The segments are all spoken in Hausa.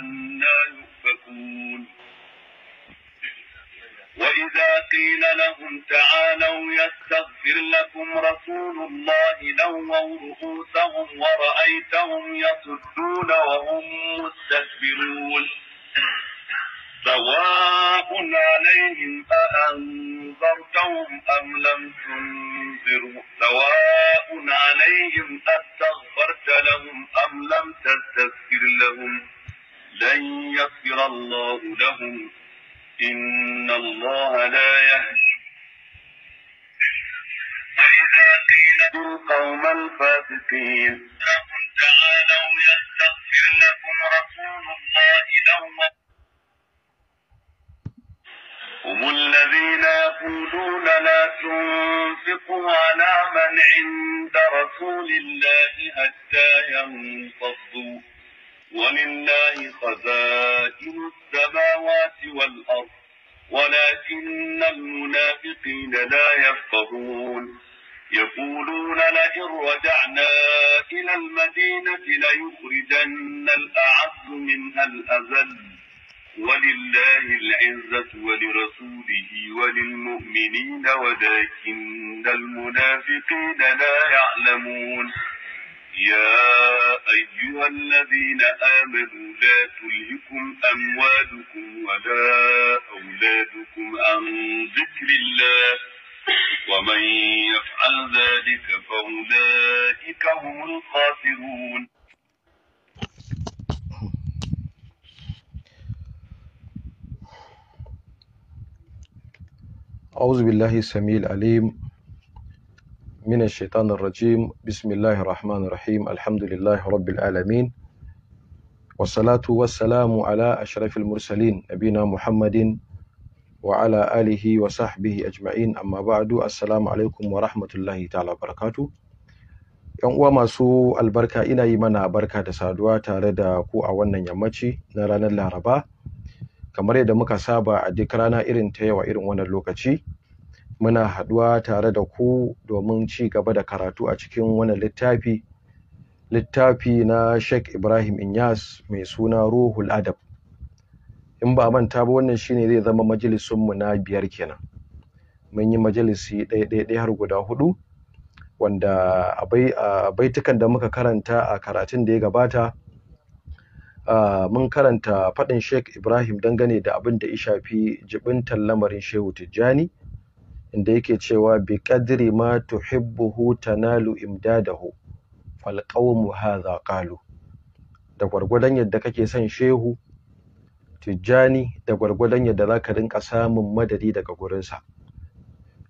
عنا يؤفكون وإذا قيل لهم تعالوا يستغفر لكم رسول الله لووا رؤوسهم ورأيتهم يصدون وهم مستكبرون سواء عليهم أأنذرتهم أم لم تنذروا سواء عليهم أستغفرت لهم أم لم تستغفر لهم لن يغفر الله لهم إن الله لا يهدي وإذا قيل القوم الفاسقين لهم تعالوا يستغفر لكم رسول الله لهم هم الذين يقولون لا تنفقوا على من عند رسول الله حتى ينفضوا ولله خزائن السماوات والأرض ولكن المنافقين لا يفقهون يقولون لئن رجعنا إلى المدينة ليخرجن الأعز منها الأذل ولله العزة ولرسوله وللمؤمنين ولكن المنافقين لا يعلمون يا أيها الذين آمنوا لا تلهكم أموالكم ولا أولادكم عن ذكر الله ومن يفعل ذلك فأولئك هم الخاسرون أعوذ بالله السميع العليم من الشيطان الرجيم بسم الله الرحمن الرحيم الحمد لله رب العالمين والصلاة والسلام على أشرف المرسلين نبينا محمد وعلى آله وصحبه أجمعين أما بعد السلام عليكم ورحمة الله تعالى وبركاته yan uwa masu albarka ina yi mana barka da saduwa tare da ku a wannan yammaci na ranar laraba kamar yadda muka saba a duk rana irin ta yawa irin wannan lokaci muna haɗuwa tare da ku domin ci gaba da karatu a cikin wani littafi littafi na Sheikh Ibrahim Inyas mai suna Ruhul Adab in ba a manta ba wannan shine zai zama majalisun mu na biyar kenan mun yi majalisi ɗaya ɗaya ɗaya har guda huɗu. wanda a baitukan da muka karanta a karatun da ya gabata mun karanta faɗin Sheikh Ibrahim dangane da abin da ya shafi jibintar lamarin Shehu Tijjani inda yake cewa bi kadri ma tuhibbuhu tanalu imdadahu fal qawmu hadha qalu da gwargwadon yadda kake son shehu tijjani da gwargwadon yadda zaka rinka samun madadi daga gurinsa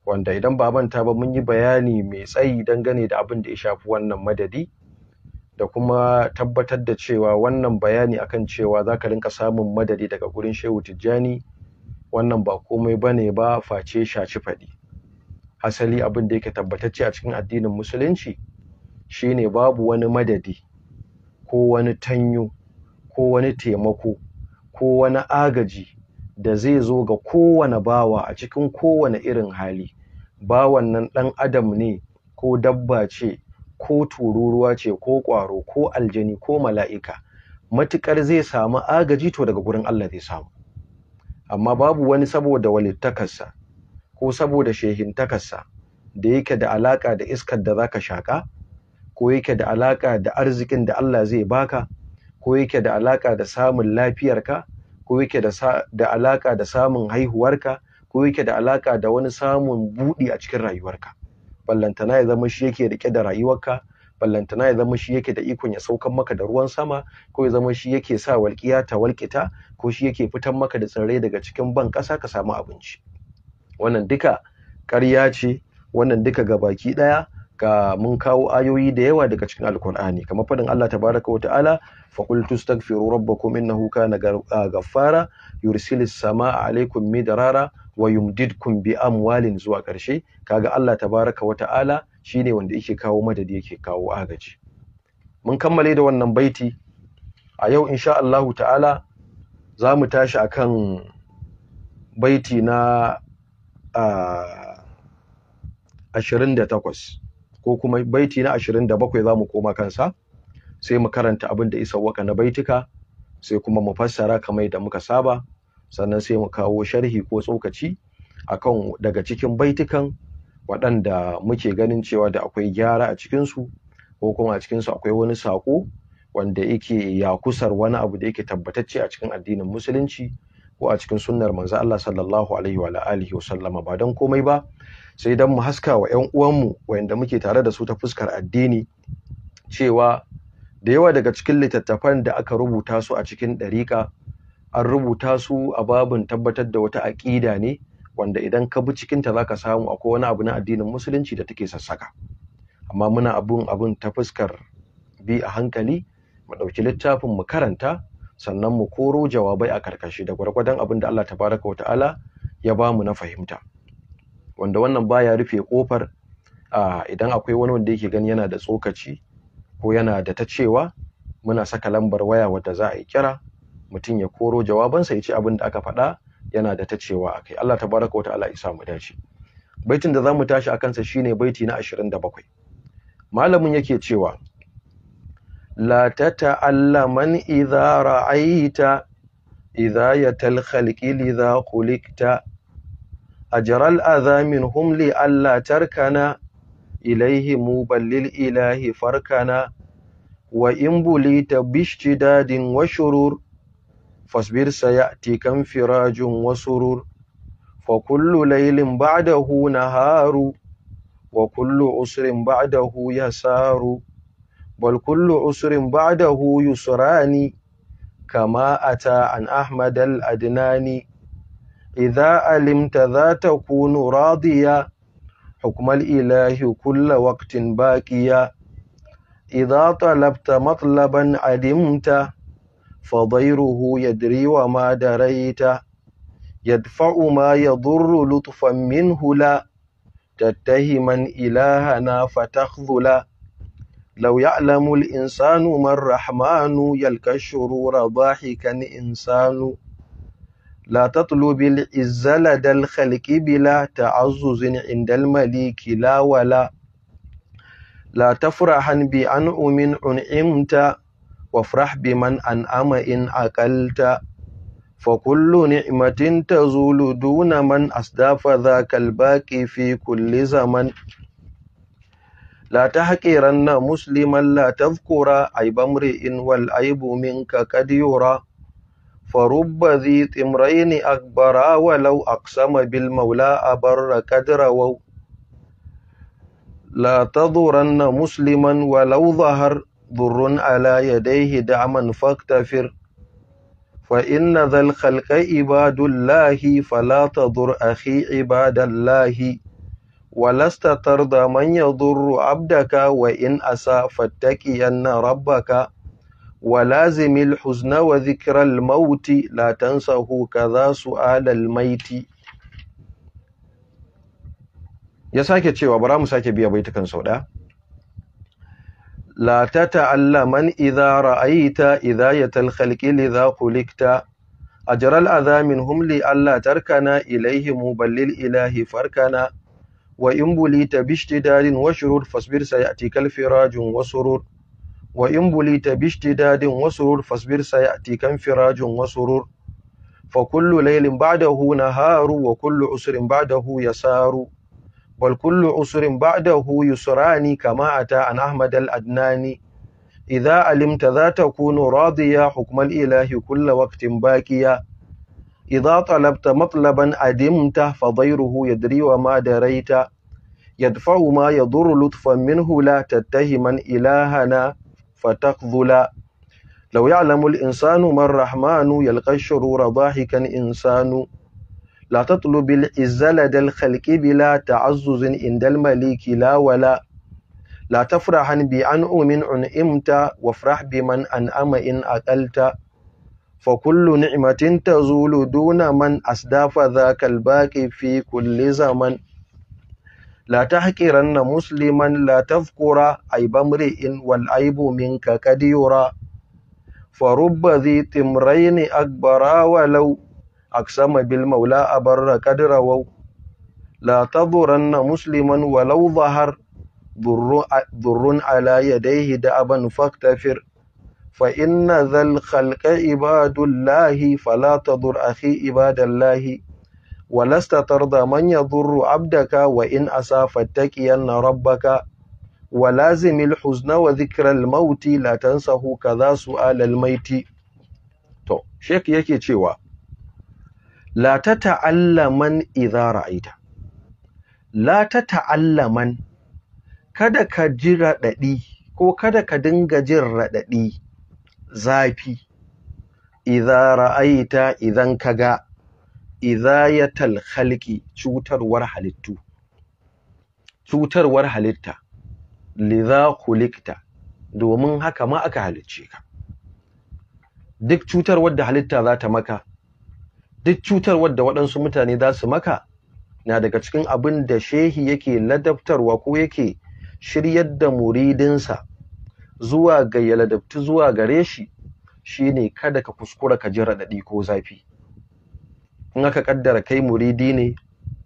wanda idan ba manta ba mun yi bayani mai tsayi dangane da abin da ya shafi wannan madadi da kuma tabbatar da cewa wannan bayani akan cewa zaka rinka samun madadi daga gurin shehu tijjani wannan ba komai bane ba face shaci faɗi asali abin da yake tabbatacce a cikin addinin musulunci shine babu wani madadi ko wani tanyo ko wani taimako ko wani agaji da zai zo ga kowane bawa a cikin kowane irin hali bawan nan ɗan adam ne ko dabba ce ko tururuwa ce ko ƙwaro ko aljani ko mala'ika matuƙar zai samu agaji to daga gurin Allah zai samu amma babu wani saboda walittakarsa ko saboda shehintakarsa da yake da alaƙa da iskar da zaka shaƙa ko yake da alaƙa da arzikin da Allah zai baka ko yake da alaƙa da samun lafiyarka ko yake da alaƙa da samun haihuwarka ko yake da alaƙa da wani samun buɗi a cikin rayuwarka ballantana ya zama shi yake rike da rayuwarka ballantana ya zama shi yake da ikon ya saukan maka da ruwan sama ko ya zama shi yake sa walƙiya ta walƙita ko shi yake fitan maka da tsirrai daga cikin ban ƙasa ka samu abinci wannan duka ƙarya ce wannan duka ga baki ɗaya ga mun kawo ayoyi da yawa daga cikin alkur'ani kamar faɗin Allah tabaraka wata'ala fa qul tastaghfiru rabbakum innahu kana ghaffara yursilis samaa alaikum midrara wa yumdidkum bi amwalin zuwa ƙarshe kaga Allah tabaraka wata'ala Shi ne wanda yake kawo madadi yake kawo agaji mun kammale da wannan baiti a yau insha Allahu ta'ala za mu tashi akan baiti na ashirin da takwas ko kuma baiti na ashirin da bakwai za mu koma kansa sai mu karanta abin da isa waka na baitika sai kuma mu fassara kamar da muka saba sannan sai mu kawo sharhi ko tsokaci akan daga cikin baitikan waɗanda muke ganin cewa da akwai gyara a cikinsu ko kuma a cikinsu akwai wani saƙo wanda yake yakusar wani abu da yake tabbatacce a cikin addinin musulunci ko a cikin sunnar manzo Allah sallallahu alaihi wa alihi wa sallama ba dan komai ba sai dan mu haska wa ƴan uwanmu wayanda muke tare da su ta fuskar addini cewa da yawa daga cikin littattafan da aka rubuta su a cikin ɗariƙa an rubuta su a babin tabbatar da wata aƙida ne wanda idan ka bi cikinta za ka samu akwai wani abu na addinin musulunci da take sassaka amma muna abun abun ta fuskar bi a hankali mu ɗauki littafin mu karanta sannan mu koro jawabai a karkashi da gwargwadon abin da Allah tabaraka wa ta'ala ya ba mu na fahimta wanda wannan baya rufe kofar idan akwai wani wanda yake gani yana da tsokaci ko yana da ta cewa muna saka lambar waya wadda za a yi kira mutum ya koro jawabansa ya ce abin da aka faɗa yana da ta cewa a kai, Allah tabaraka wa ta'ala isa mu dace baitin da zamu tashi akan sa shine baiti na 27 malamin yake cewa la tata'allaman idza ra'aita idza yatal khalqi lidha khuliqta ajral adha minhum li alla tarkana ilayhi muballil ilahi farkana wa in bulita bishtidadin wa shurur fasbir sayatikan firajun wasurur fa kullu laylin ba'dahu naharu wa kullu usrin ba'dahu yasaru bal kullu usrin ba'dahu yusrani kama ata an ahmad al-adnani idza alimta za kunu radiya حكم الإله كل وقت باقيا إذا طلبت مطلبا عدمت فضيره يدري وما دريت يدفع ما يضر لطفا منه لا تتهما إلهنا فتخذلا لو يعلم الإنسان ما الرحمن يلقى الشرور ضاحكا إنسان لا تطلب العز لدى الخلق بلا تعزز عند المليك لا ولا لا تفرحا بأنعم أنعمت وافرح بمن أنعم إن أكلت فكل نعمة تزول دون من أصداف ذاك الباقي في كل زمن لا تحقرن مسلما لا تذكر عيب امرئ والعيب منك قد يرى فرب ذي تمرين أكبرا ولو أقسم بالمولى أبر قد رووا لا تضرن مسلما ولو ظهر burrun ala ya yadaihi da'aman faktafir fa inna zal khalqa ibadullahi fala tadur akhi ibadallahi walasta tarda man yadurru abdaka wa in asa fattaqiyanna rabbaka ولازم الحزن وذكر الموت لا تنسه كذا سؤال الميت يا ساكي cewa bara mu sake biya baitukan sau da لا تتعلمن إذا رأيت إذاية الخلق لذا خلقت أجر الأذى منهم لئلا تركنا إليهم بل للإله فركنا وإن بليت باشتداد وشرور فاصبر سيأتيك الفراج وسرور وإن بليت باشتداد وسرور فاصبر سيأتيك انفراج وسرور فكل ليل بعده نهار وكل عسر بعده يسار bal kullu usrin huyu yusrani kama ata an ahmad al-adnani idza alimta za ta takunu radiya hukmal ilahi kulla waqtin baqiya idza talabta matlaban adimta fadayruhu yadriwa wa ma raita yadfa'u ma yadurru lutfan min hula tattahiman ilahana fatakzula law ya'lamu al-insanu man rahmanu yalqa ash-shurura insanu la tatlubil izzala dal khalqi bila ta'azzuzin indal maliki la wala la tafrahan bi an'umin un'imta wa farah biman an'ama in aqalta fa kullu ni'matin tazulu duna man asdafa dhakal baqi fi kulli zaman la tahqiranna musliman la tafkura aibamri'in wal aibu minka kadira فرب ذي تمرين أكبر walau. أقسم بالمولى أبر قد رووا لا تضرن مسلما ولو ظهر ضر على يديه دأبا فاكتفر فإن ذا الخلق عباد الله فلا تضر أخي عباد الله ولست ترضى من يضر عبدك وإن أسى فاتقين ربك ولازم الحزن وذكر الموت لا تنسه كذا سؤال الميت to shek yake cewa la ta ta'allaman idza ra'aita la ta ta'allaman kada ka ji raɗaɗi ko kada ka dinga jin raɗaɗi zafi idza ra'aita idan kaga ya khalqi cutarwar halittu cutarwar halitta liza kulikta, domin haka ma aka halicce ka duk cutarwar da halitta za ta maka duk cutarwar da waɗansu mutane za su maka na daga cikin abin da shehi yake ladabtarwa ko yake shiryar da muridinsa zuwa ga ya ladabtu zuwa gare shi ne kada ka kuskura ka ji raɗaɗi ko zafi in aka ƙaddara kai muridi ne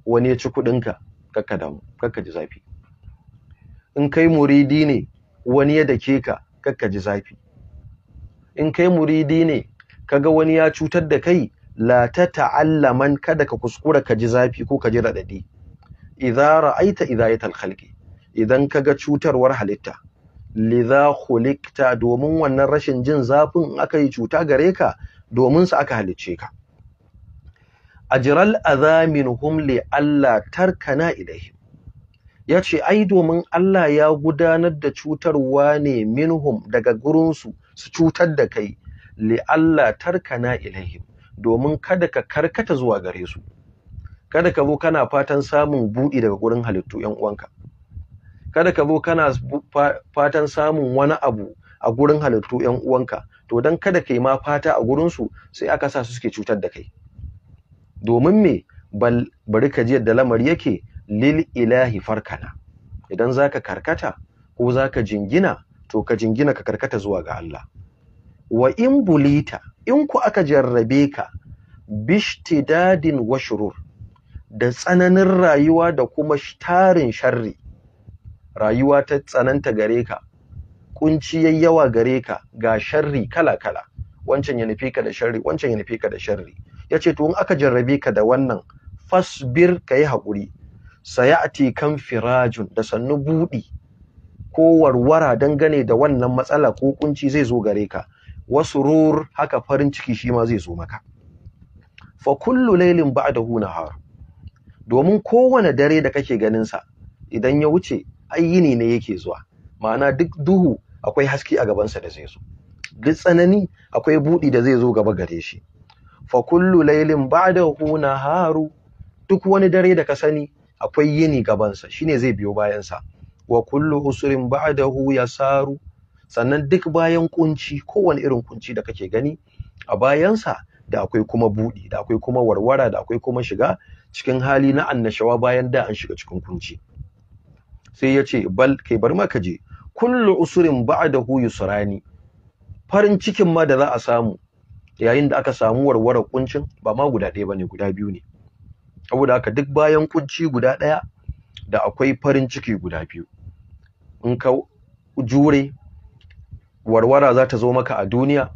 wani ya ci kuɗinka kakka kakka ji zafi in kai muridi ne wani ya dake ka kakka ji zafi in kai muridi ne kaga wani ya cutar da kai la tata'allaman kada ka kuskura ka ji zafi ko ka ji radadi idza ra'aita idayatal khalqi idan kaga cutarwar halitta lidha khuliqta domin wannan rashin jin zafin aka yi cuta gare ka domin su aka halicce ka ajral azaminhum li alla tarkana ilayhi yace ai domin Allah ya gudanar da cutarwa ne minhum daga gurin su su cutar da kai li alla tarkana ilaihim domin kada ka karkata zuwa gare su kada ka zo kana fatan samun buɗi daga gurin halittu ‘yan uwanka kada ka zo kana fatan samun wani abu a gurin halittu ‘yan uwanka to don kada kai ma fata a gurinsu sai aka sa su suke cutar da kai domin me bari ka ji yadda lamari yake lil ilahi farkana idan zaka karkata ko zaka jingina to ka jingina ka karkata zuwa ga Allah wa in bulita in ku aka jarrabe ka bishtidadin wa shurur da tsananin rayuwa da kuma tarin sharri rayuwa ta tsananta gare ka kunci yawa gare ka ga sharri kala-kala wancan ya nufi ka da sharri wancan ya nufi ka da sharri yace to in aka jarrabe ka da wannan fasbir yi hakuri sayati kan firajun da sannu budi ko warwara dangane da wannan matsala ko kunci zai zo gare ka wasu rur haka farin ciki shi ma zai zo maka fa kullu lailin ba'dahu nahar domin kowane dare da kake ganin sa idan ya wuce ai yini ne yake zuwa ma'ana duk duhu akwai haske a gabansa da zai zo duk tsanani akwai budi da zai zo gaba gare shi fa kullu lailin ba'dahu naharu duk wani dare da ka sani akwai yini gabansa shine zai biyo bayansa wa kullu usrin ba'dahu yasaru sannan duk bayan kunci kowane irin kunci da kake gani a bayansa da akwai kuma buɗi da akwai kuma warwara da akwai kuma shiga cikin hali na annashawa bayan da an shiga cikin kunci sai ya ce bal kai bar ma ka je kullu usurin ba'dahu yusrani farin cikin ma da za a samu yayin da aka samu warware kuncin ba ma guda ɗaya bane guda biyu ne saboda haka duk bayan kunci guda ɗaya da akwai farin ciki guda biyu in ka jure warwara za ta zo maka a duniya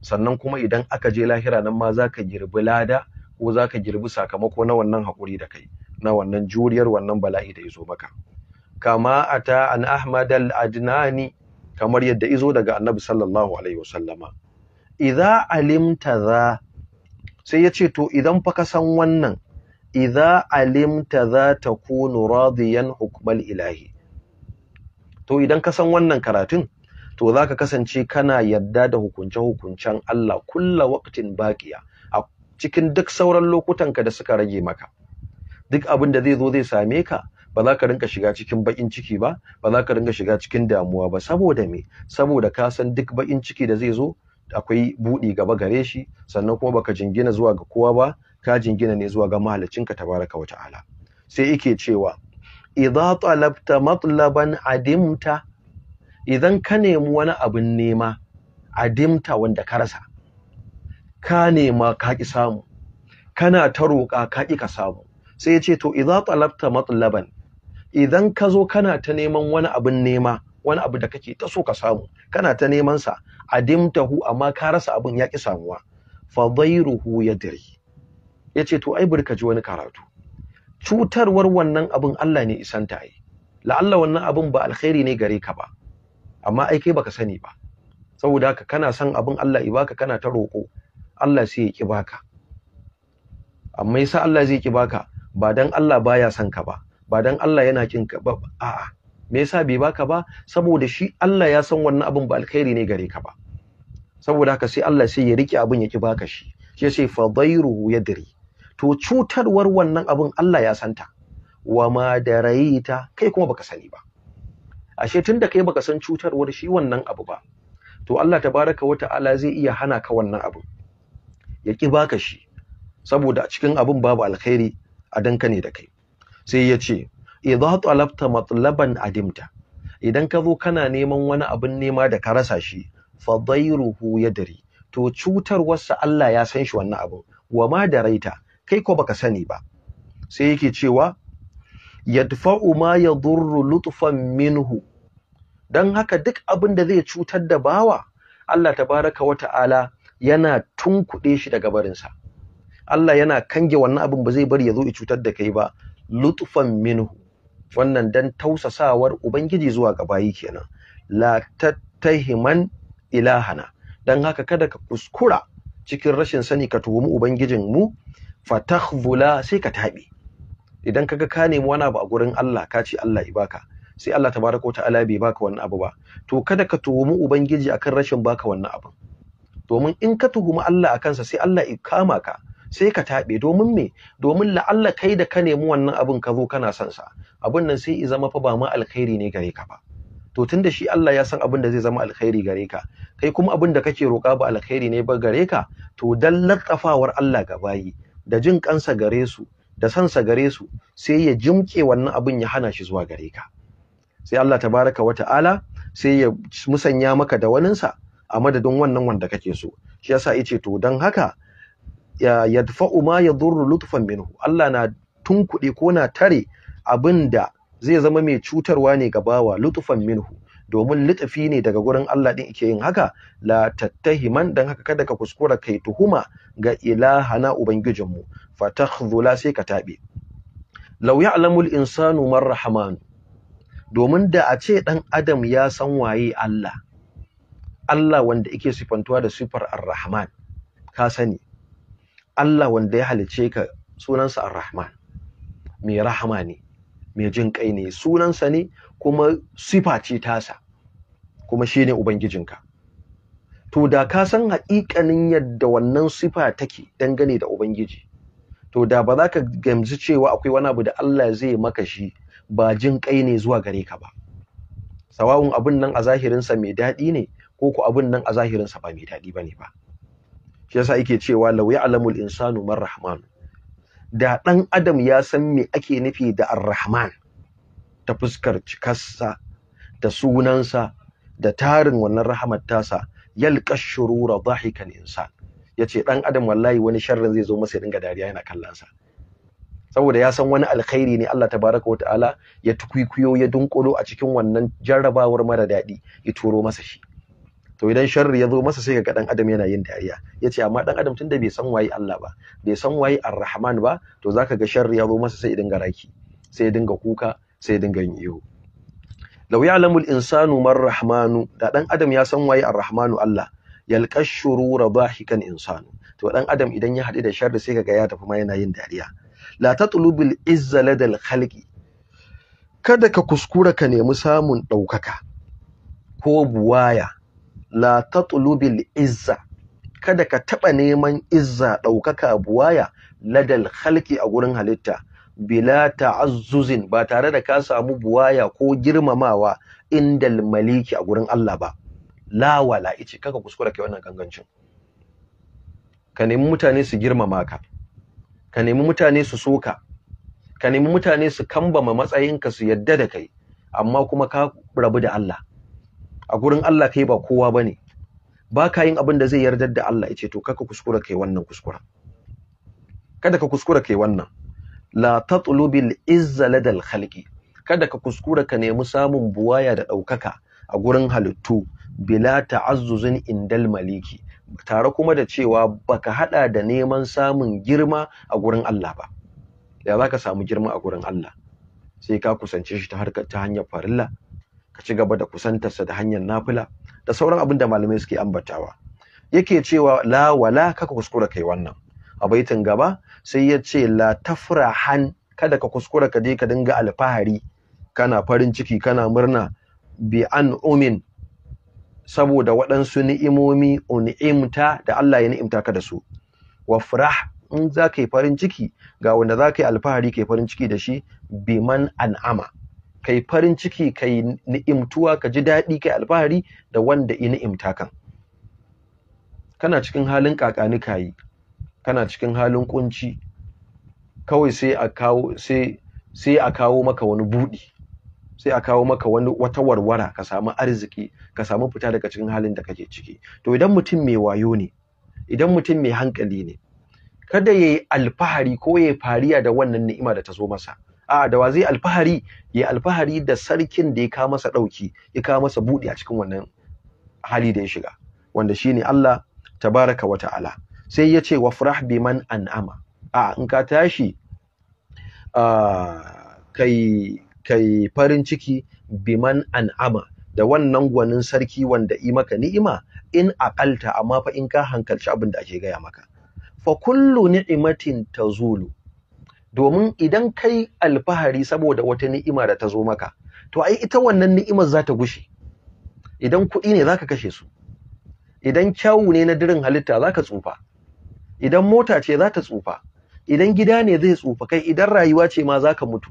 sannan kuma idan aka je lahira nan ma za ka girbi lada ko za ka girbi sakamako na wannan haƙuri da kai na wannan juriyar wannan bala'i da ya zo maka kama ata an ahmad al-adnani kamar yadda izo daga annabi sallallahu alaihi wasallama idza alimta za sai ya ce to idan fa ka san wannan idza alimta za takunu radiyan hukmal ilahi to idan ka san wannan karatun to za ka kasance kana yadda da hukunce-hukuncen Allah kulla waktin baƙiya a cikin duk sauran lokutanka da suka rage maka duk abin da zai zo zai same ka ba za ka rinka shiga cikin baƙin ciki ba ba za ka rinka shiga cikin damuwa ba saboda me saboda ka san duk baƙin ciki da zai zo akwai buɗi gaba gare shi sannan kuma baka jingina zuwa ga kowa ba ka jingina ne zuwa ga ta tabaraka wa ta'ala sai yake cewa idza talabta matlaban adimta idan ka nemi wani abin nema adimta wanda ka rasa ka nema ka ki samu kana ta roƙa ka ki ka samu sai ya ce to idza talabta matlaban idan ka zo kana ta neman wani abin nema wani abu da kake ta so ka samu kana ta neman sa adimtahu amma ka rasa abin ya ki samuwa fa dhairuhu yadri yace to ai burka ji wani karatu cutarwar wannan abin Allah ne isanta yi la'alla wannan abin ba alkhairi ne gare ka ba amma ai kai baka sani ba saboda haka kana son abin Allah ya baka kana ta roko Allah sai ya ki baka amma yasa Allah zai ki baka ba dan Allah baya son ka ba ba dan Allah yana kin ka ba a'a me yasa bai baka ba saboda shi Allah ya san wannan abin ba alkhairi ne gare ka ba saboda haka sai Allah sai ya rike abin ya ki baka shi shi sai fadairu yadri to cutarwar wannan abin Allah ya santa wa ma daraita kai kuma baka sani ba ashe tunda kai baka san cutarwar shi wannan abu ba to Allah tabaraka wa ta'ala zai iya hana ka wannan abu ya ki baka shi saboda a cikin abin babu alkhairi a danka ne da kai sai ya ce idza talabta matlaban adimta idan ka zo kana neman wani abin nema da ka rasa shi fa dairuhu yadri to cutarwarsa Allah ya san shi wannan abu wa ma da raita kai ko baka sani ba sai yake cewa yadfa'u ma yadurru lutfan minhu dan haka duk abin da zai cutar da bawa Allah tabaraka ta'ala yana tunkuɗe shi daga barinsa Allah yana kange wannan abin ba zai bari ya zo ya cutar da kai ba lutfan minhu wannan dan tausasawar ubangiji zuwa ga bayi kenan la tattahiman ilahana dan haka kada ka kuskura cikin rashin sani ka tuhumi ubangijin mu fatakhzula sai ka taɓe idan kaga ka nemi wani abu a gurin Allah ka ce Allah baka sai Allah tabaraka ala bai baka wani abu ba to kada ka tuhumi ubangiji akan rashin baka wannan abu domin in ka tuhumi Allah akan sa sai Allah ya kama ka sai ka taɓe domin me domin Allah kai da ka nemi wannan abun ka zo kana son sa abun nan sai i zama fa ba ma alkhairi ne gare ka ba to tunda shi Allah ya san abin da zai zama alkhairi gare ka kai kuma abin da kake roƙa ba alkhairi ne ba gare ka to dan laƙafawar Allah ga bayi da jin kansa gare su da sansa gare su sai ya jimke wannan abin ya hana shi zuwa gare ka sai Allah tabaraka wa ta'ala sai ya musanya maka da waninsa a madadin wannan wanda kake so shi yasa yace to dan haka ya yadfa'u ma yadurru lutfan minhu Allah na tunkuɗe ko na tare abin da zai zama mai cutarwa ne ga bawa lutfan minhu domin litafi ne daga gurin Allah din yake yin haka la tattahiman dan haka kada ka kuskura kai tuhuma ga ilahana ubangijinmu fatakhdhula sai ka tabe law ya'lamu al-insanu man domin da a ce dan adam ya san waye Allah Allah wanda yake sifantuwa da sifar Ar-Rahman ka sani Allah wanda ya halice ka sunansa Ar-Rahman mai rahama ne mai jin kai ne sunansa ne kuma sifa ce tasa kuma shi ne ubangijinka to da ka san haƙiƙanin yadda wannan sifa take dangane da ubangiji to da ba za ka gamsu cewa akwai wani abu da Allah zai maka shi ba jin kai ne zuwa gare ka ba sawawun abin nan a zahirinsa mai daɗi ne ko ku abin nan a zahirinsa ba mai daɗi ba ne ba shi yasa yake cewa law ya'lamul insanu man rahman da ɗan adam ya san me ake nufi da arrahman ta fuskar cikarsa da sunansa da tarin wannan rahamar tasa yalqa shurura dhahikan insan yace dan adam wallahi wani sharrin zai zo masa ya dinga dariya yana kallon sa saboda ya san wani alkhairi ne Allah tabaraka wa ta'ala ya tukuikuyo ya dunkulo a cikin wannan jarrabawar mara daɗi ya turo masa shi to idan sharri ya zo masa sai ga dan adam yana yin dariya yace amma dan adam tunda bai san waye Allah ba bai san waye Ar-Rahman ba to zaka ga sharri ya zo masa sai ya dinga raki sai ya dinga kuka sai dinga yin iyo law al insanu mar rahmanu da dan adam ya san waye ar-rahmanu Allah yalqashuru dahikan insanu to dan adam idan ya hadu da sharri sai kaga ya tafi ma yana yin dariya la tatlubil izza ladal khalqi kada ka kuskura ka nemi samun daukaka ko buwaya la tatlubil izza kada ka taba neman izza daukaka buwaya ladal khalqi a gurin halitta bila ta'azzuzin ba tare da ka samu buwaya ko girmamawa inda maliki a gurin Allah ba la wala ice kaka kuskura kai wannan gangancin ka nemi mutane su girmama ka ka nemi mutane su soka ka nemi mutane su kambama matsayinka su yadda da kai amma kuma ka rabu da Allah a gurin Allah kai ba kowa bane ba ka yin abin da zai yardar da Allah ice to kaka kuskura kai wannan kuskura kada ka kuskura kai wannan la tatlubil izza ladal khalqi kada ka kuskura ka nemi samun buwaya da ɗaukaka a gurin halittu bila ta'azzuzin indal maliki tare kuma da cewa baka hada da neman samun girma a gurin Allah ba ya zaka samu girma a gurin Allah sai ka kusance shi ta harkar ta hanyar farilla ka ci gaba da kusantarsa da hanyar nafila da sauran abinda malamai suke ambatawa yake cewa la wala kaka kuskura kai wannan a baitin gaba sai ya ce la tafrahan kada ka kuskura ka je ka dinga alfahari kana farin ciki kana murna bi an umin saboda waɗansu ni'imomi ni'imta da Allah ya ni'imta ka da su wa farah in za ka yi farin ciki ga wanda za ka yi alfahari ka yi farin ciki da shi biman an'ama ka yi farin ciki ka yi ni'imtuwa ka ji daɗi ka yi alfahari da wanda ya ni'imta kan kana cikin halin ka kayi kana cikin halin kunci kawai sai a kawo sai sai a kawo maka wani budi sai a kawo maka wani wata warwara ka samu arziki ka samu fita daga cikin halin da kake ciki to idan mutum mai wayo ne idan mutum mai hankali ne kada ya yi alfahari ko ya fariya da wannan ni'ima da ta zo masa A'a da wa zai alfahari ya yi alfahari da sarkin da ya kawo masa ɗauki ya kawo masa buɗi a cikin wannan hali da ya shiga wanda shine Allah tabaraka wa ta'ala sai ya ce wa farah biman an'ama a in ka tashi kai kai farin ciki biman an'ama da wannan gwanin sarki wanda i maka ni'ima in aƙalta amma fa in ka hankalci abin da ake gaya maka fa kullu ni'imatin tazulu domin idan kai alfahari saboda wata ni'ima da ta zo maka to ai ita wannan ni'imar za ta gushe idan kuɗi ne za ka kashe su idan kyawu ne na dirin halitta za ka tsufa idan mota ce za ta tsufa idan gida ne zai tsufa kai idan rayuwa ce ma za ka mutu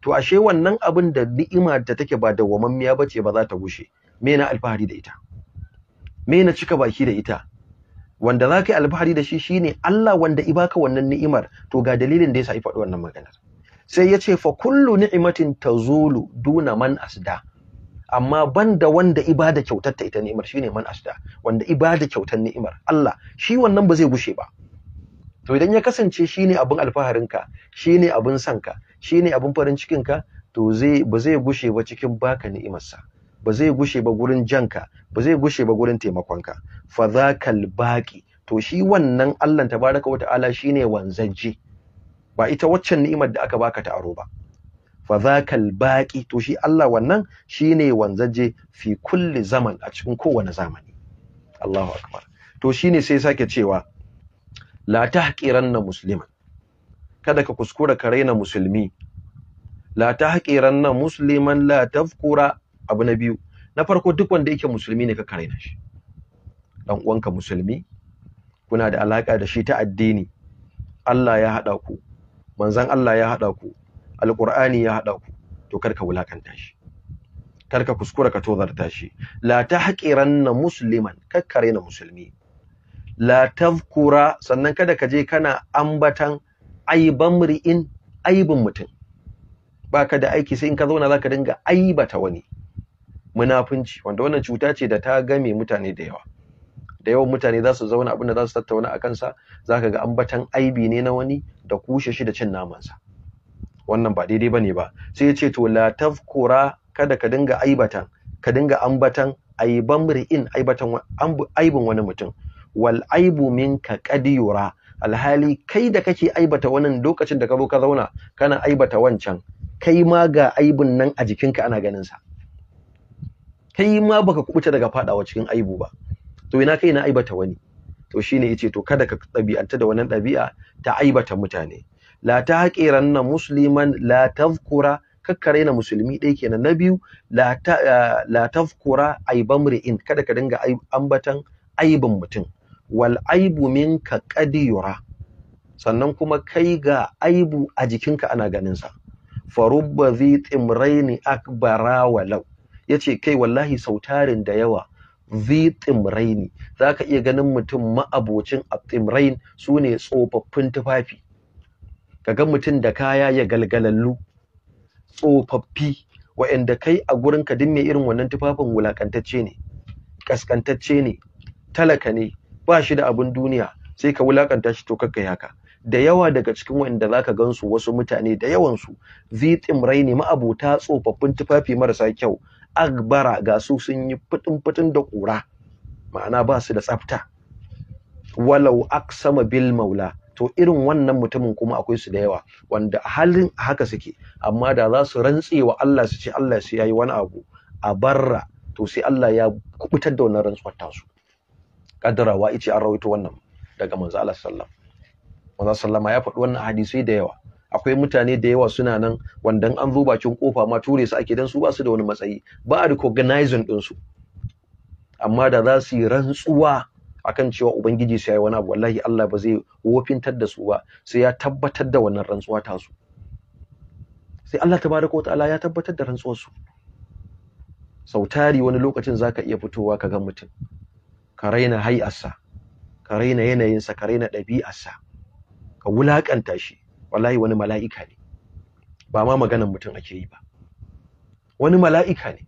to ashe wannan abin da ni'ima da take ba dawwamammiya ba ce ba za ta gushe me na alfahari da ita me na cika baki da ita wanda za ka yi alfahari da shi ne Allah wanda i baka wannan ni'imar to ga dalilin da yasa i faɗi wannan maganar sai ya ce fa kullu ni'imatin tazulu duna man asda amma banda wanda ibada kyautar ta ita ni'imar shine man ashda wanda ibada kyautar ni'imar Allah shi wannan ba zai gushe ba to idan ya kasance shine abin alfaharin ka, shine abin ka, shine abin farin cikin ka, to zai ba zai gushe ba cikin baka ni'imarsa ba zai gushe ba gurin janka ba zai gushe ba gurin taimakon fa zakal baqi to shi wannan Allah tabaraka wata'ala shine wanzajje ba ita waccan ni'imar da aka baka ta aro ba fa zakal baqi to shi Allah wannan shine wanzaje fi kulli zaman a cikin kowane zamani Allahu akbar to shine sai sake cewa la tahqiranna musliman kada ka kuskura ka raina musulmi la tahqiranna musliman la tafkura abu na biyu na farko duk wanda yake musulmi ne ka karaina shi dan uwanka musulmi kuna da alaka da shi ta addini Allah ya hada ku manzon Allah ya hada ku alqur'ani ya haɗa ku to karka wulakanta shi karka kuskura ka tozarta shi la na musliman kakkare na musulmi la tazkura sannan kada ka je kana ambatan aiban mri'in aibin mutum baka da aiki sai in ka zauna zaka dinga aibata wani munafunci wanda wannan cuta ce da ta game mutane da yawa da yawan mutane za su zauna abinda za su tattauna a kansa za ka ga ambatan aibi ne na wani da kushe shi da cin namansa wannan ba daidai bane ba sai ya ce to la tafkura kada ka dinga aibatan ka dinga ambatan aiban mri'in aibatan aibin wani mutum wal aibu minka kad yura alhali kai da kake aibata wannan lokacin da ka zo ka zauna kana aibata wancan kai ma ga aibin nan a jikinka ana ganin sa kai ma baka kubuta daga fadawa cikin aibu ba to ina kai na aibata wani to shine yace to kada ka ɗabi'anta da wannan dabi'a ta aibata mutane la ta na musliman la tadhkura kakkare na musulmi ɗaya kenan na biyu la ta eh, la aibam aibamri'in kada ka dinga ambatan aibin mutum wal aibu min ka ƙadi yura sannan kuma kai ga aibu a jikinka ana ganin sa farubba zi timraini akbara walau ce kai wallahi sautarin da yawa zi timraini ka iya ganin mutum ma'abocin a Su ne tsofaffin tufafi Ka ga mutum da kaya ya galgalallu tsofaffi wa'anda kai a gurin ka dinne mai irin wannan tufafin wulakantacce ne kaskantacce ne talaka ne ba shi da abin duniya sai ka wulakanta shi to kakkai haka da yawa daga cikin wa'anda ka gansu wasu mutane da yawan su zitsimrai ne ma'abota tsofaffin tufafi marasa kyau agbara ga su sun yi fitin fitin da ƙura ma'ana ba su da tsafta walau aksama bil maula to irin wannan mutumin kuma akwai su da yawa wanda a halin haka suke amma da za su rantse Allah su ce Allah shi yayi wani abu a barra to sai Allah ya kubutar da wannan rantsuwar tasu kaddarawa ice an rawaito wannan daga manzo Allah sallallahu manzo sallama ya faɗi wannan hadisi da yawa akwai mutane da yawa suna nan wanda an zo bakin kofa ma ture su ake dan su ba su da wani matsayi ba a recognizing din su amma da za su yi rantsuwa akan cewa ubangiji sai yayi wani abu wallahi Allah ba zai wofintar da su ba sai ya tabbatar da wannan rantsuwa ta su sai Allah tabaraka wa ta'ala ya tabbatar da rantsuwar su sautari wani lokacin zaka iya fitowa ka ga mutum ka raina hay'arsa ka raina yanayinsa ka raina ɗabi'arsa ka wulakanta shi wallahi wani mala'ika ne ba ma maganar mutum ake yi ba wani mala'ika ne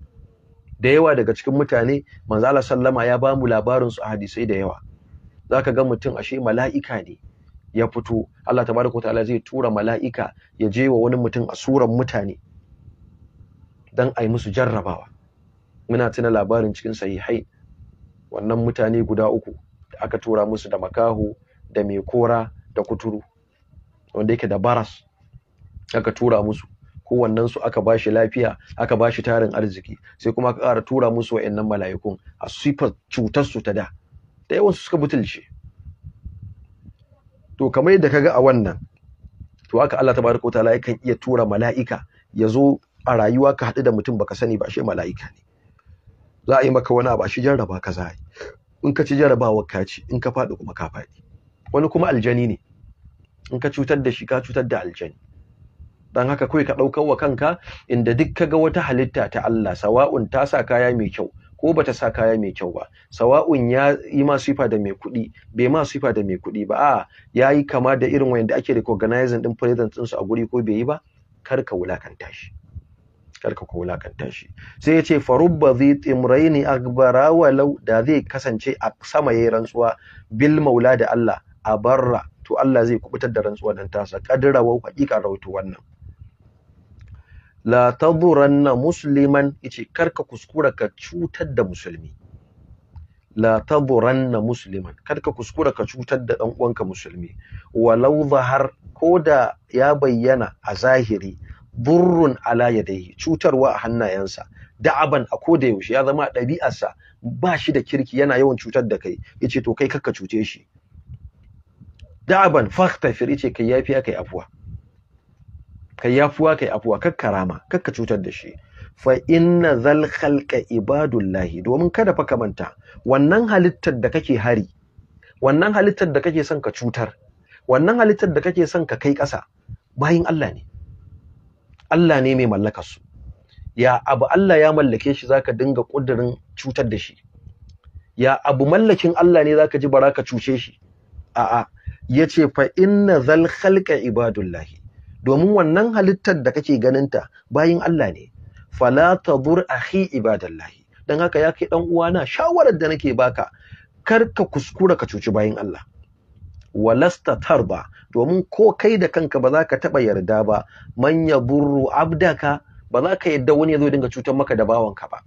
da yawa daga cikin mutane manzo Allah sallama ya bamu labarin su a hadisai da yawa zaka ga mutum ashe mala'ika ne ya fito Allah tabaraka ta'ala zai tura mala'ika ya je wa wani mutum a suran mutane dan ai musu jarrabawa muna tuna labarin cikin sahihai wannan mutane guda uku da aka tura musu da makaho da mai kora da kuturu wanda yake da baras aka tura musu kowannen su aka bashi lafiya aka bashi tarin arziki sai kuma aka ƙara tura musu wa'annan mala'ikun a sifar cutar su ta da da yawan su suka butulce to kamar yadda kaga a wannan to haka Allah tabaraka wa ta'ala yakan iya tura mala'ika yazo a rayuwa ka haɗu da mutum baka sani ba shi mala'ika ne za a yi maka wani abu a shi jarraba ka za in ka ci jarrabawa ka ci in ka faɗi kuma ka faɗi wani kuma aljani ne in ka cutar da shi ka cutar da aljani dan haka kawai ka ɗaukar wa kanka inda duk ka ga wata halitta ta Allah sawa'un ta sa kaya mai kyau ko bata sa kaya mai kyau ba sawa'un ya yi ma sifa da mai kuɗi bai ma sifa da mai kuɗi ba a ya yi kama da irin wanda ake recognizing din presence ɗinsu a guri ko bai yi ba kar ka wulakanta shi kar ka wulakanta shi sai ya ce farubba zai tsimraini akbara walau da zai kasance a sama yayi rantsuwa bil maula da Allah a barra to Allah zai kubutar da rantsuwa dan tasa kadira wa hakika rawto wannan la taduranna musliman yace karka kuskura ka cutar da musulmi la taduranna musliman karka kuskura ka cutar da dan uwanka musulmi walau zahar koda ya bayyana a zahiri burrun ala yadayhi cutarwa a hannayensa da'aban a koda yaushe ya zama ɗabi'arsa ba shi da kirki yana yawan cutar da kai yace to kai karka cuce shi da'aban fahtafir yace kai yafi akai afwa kai yafuwa kai afuwa kakkarama kakka cutar da shi fa inna zal khalqa ibadullahi domin kada fa ka manta wannan halittar da kake hari wannan halittar da kake son ka cutar wannan halittar da kake son ka kai ƙasa bayin Allah ne Allah ne mai mallakar su ya abu Allah ya mallake shi zaka dinga kudirin cutar da shi ya abu mallakin Allah ne zaka ji bara ka cuce shi a'a yace fa inna zal khalqa ibadullahi domin wannan halittar da kake ganinta bayin Allah ne fala tadur akhi ibadallahi dan haka ya kai dan uwana shawarar da nake baka kar ka kuskura ka cuci bayin Allah walasta tarba domin ko kai da kanka ba za ka taba yarda ba man yaburru abdaka ba za ka yadda wani ya zo dinga cutar maka da bawanka ba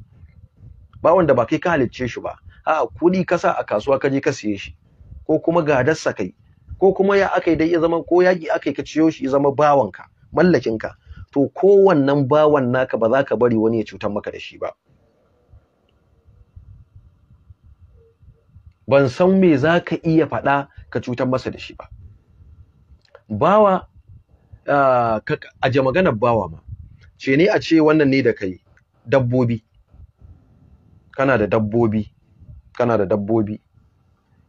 bawan da ba kai ka halicce shi ba a kudi kasa a kasuwa ka je ka siye shi ko kuma gadarsa kai ko kuma ya aka yi dai ya zama ko yaƙi aka yi ka ciyo shi ya zama bawanka mallakinka to kowannan bawan naka ba za ka bari wani ya cutar maka da shi ba ban san me za ka iya faɗa ka cutar masa da shi ba bawa a je maganar bawa ma ce ne a ce wannan ne da kai dabbobi kana da dabbobi kana da dabbobi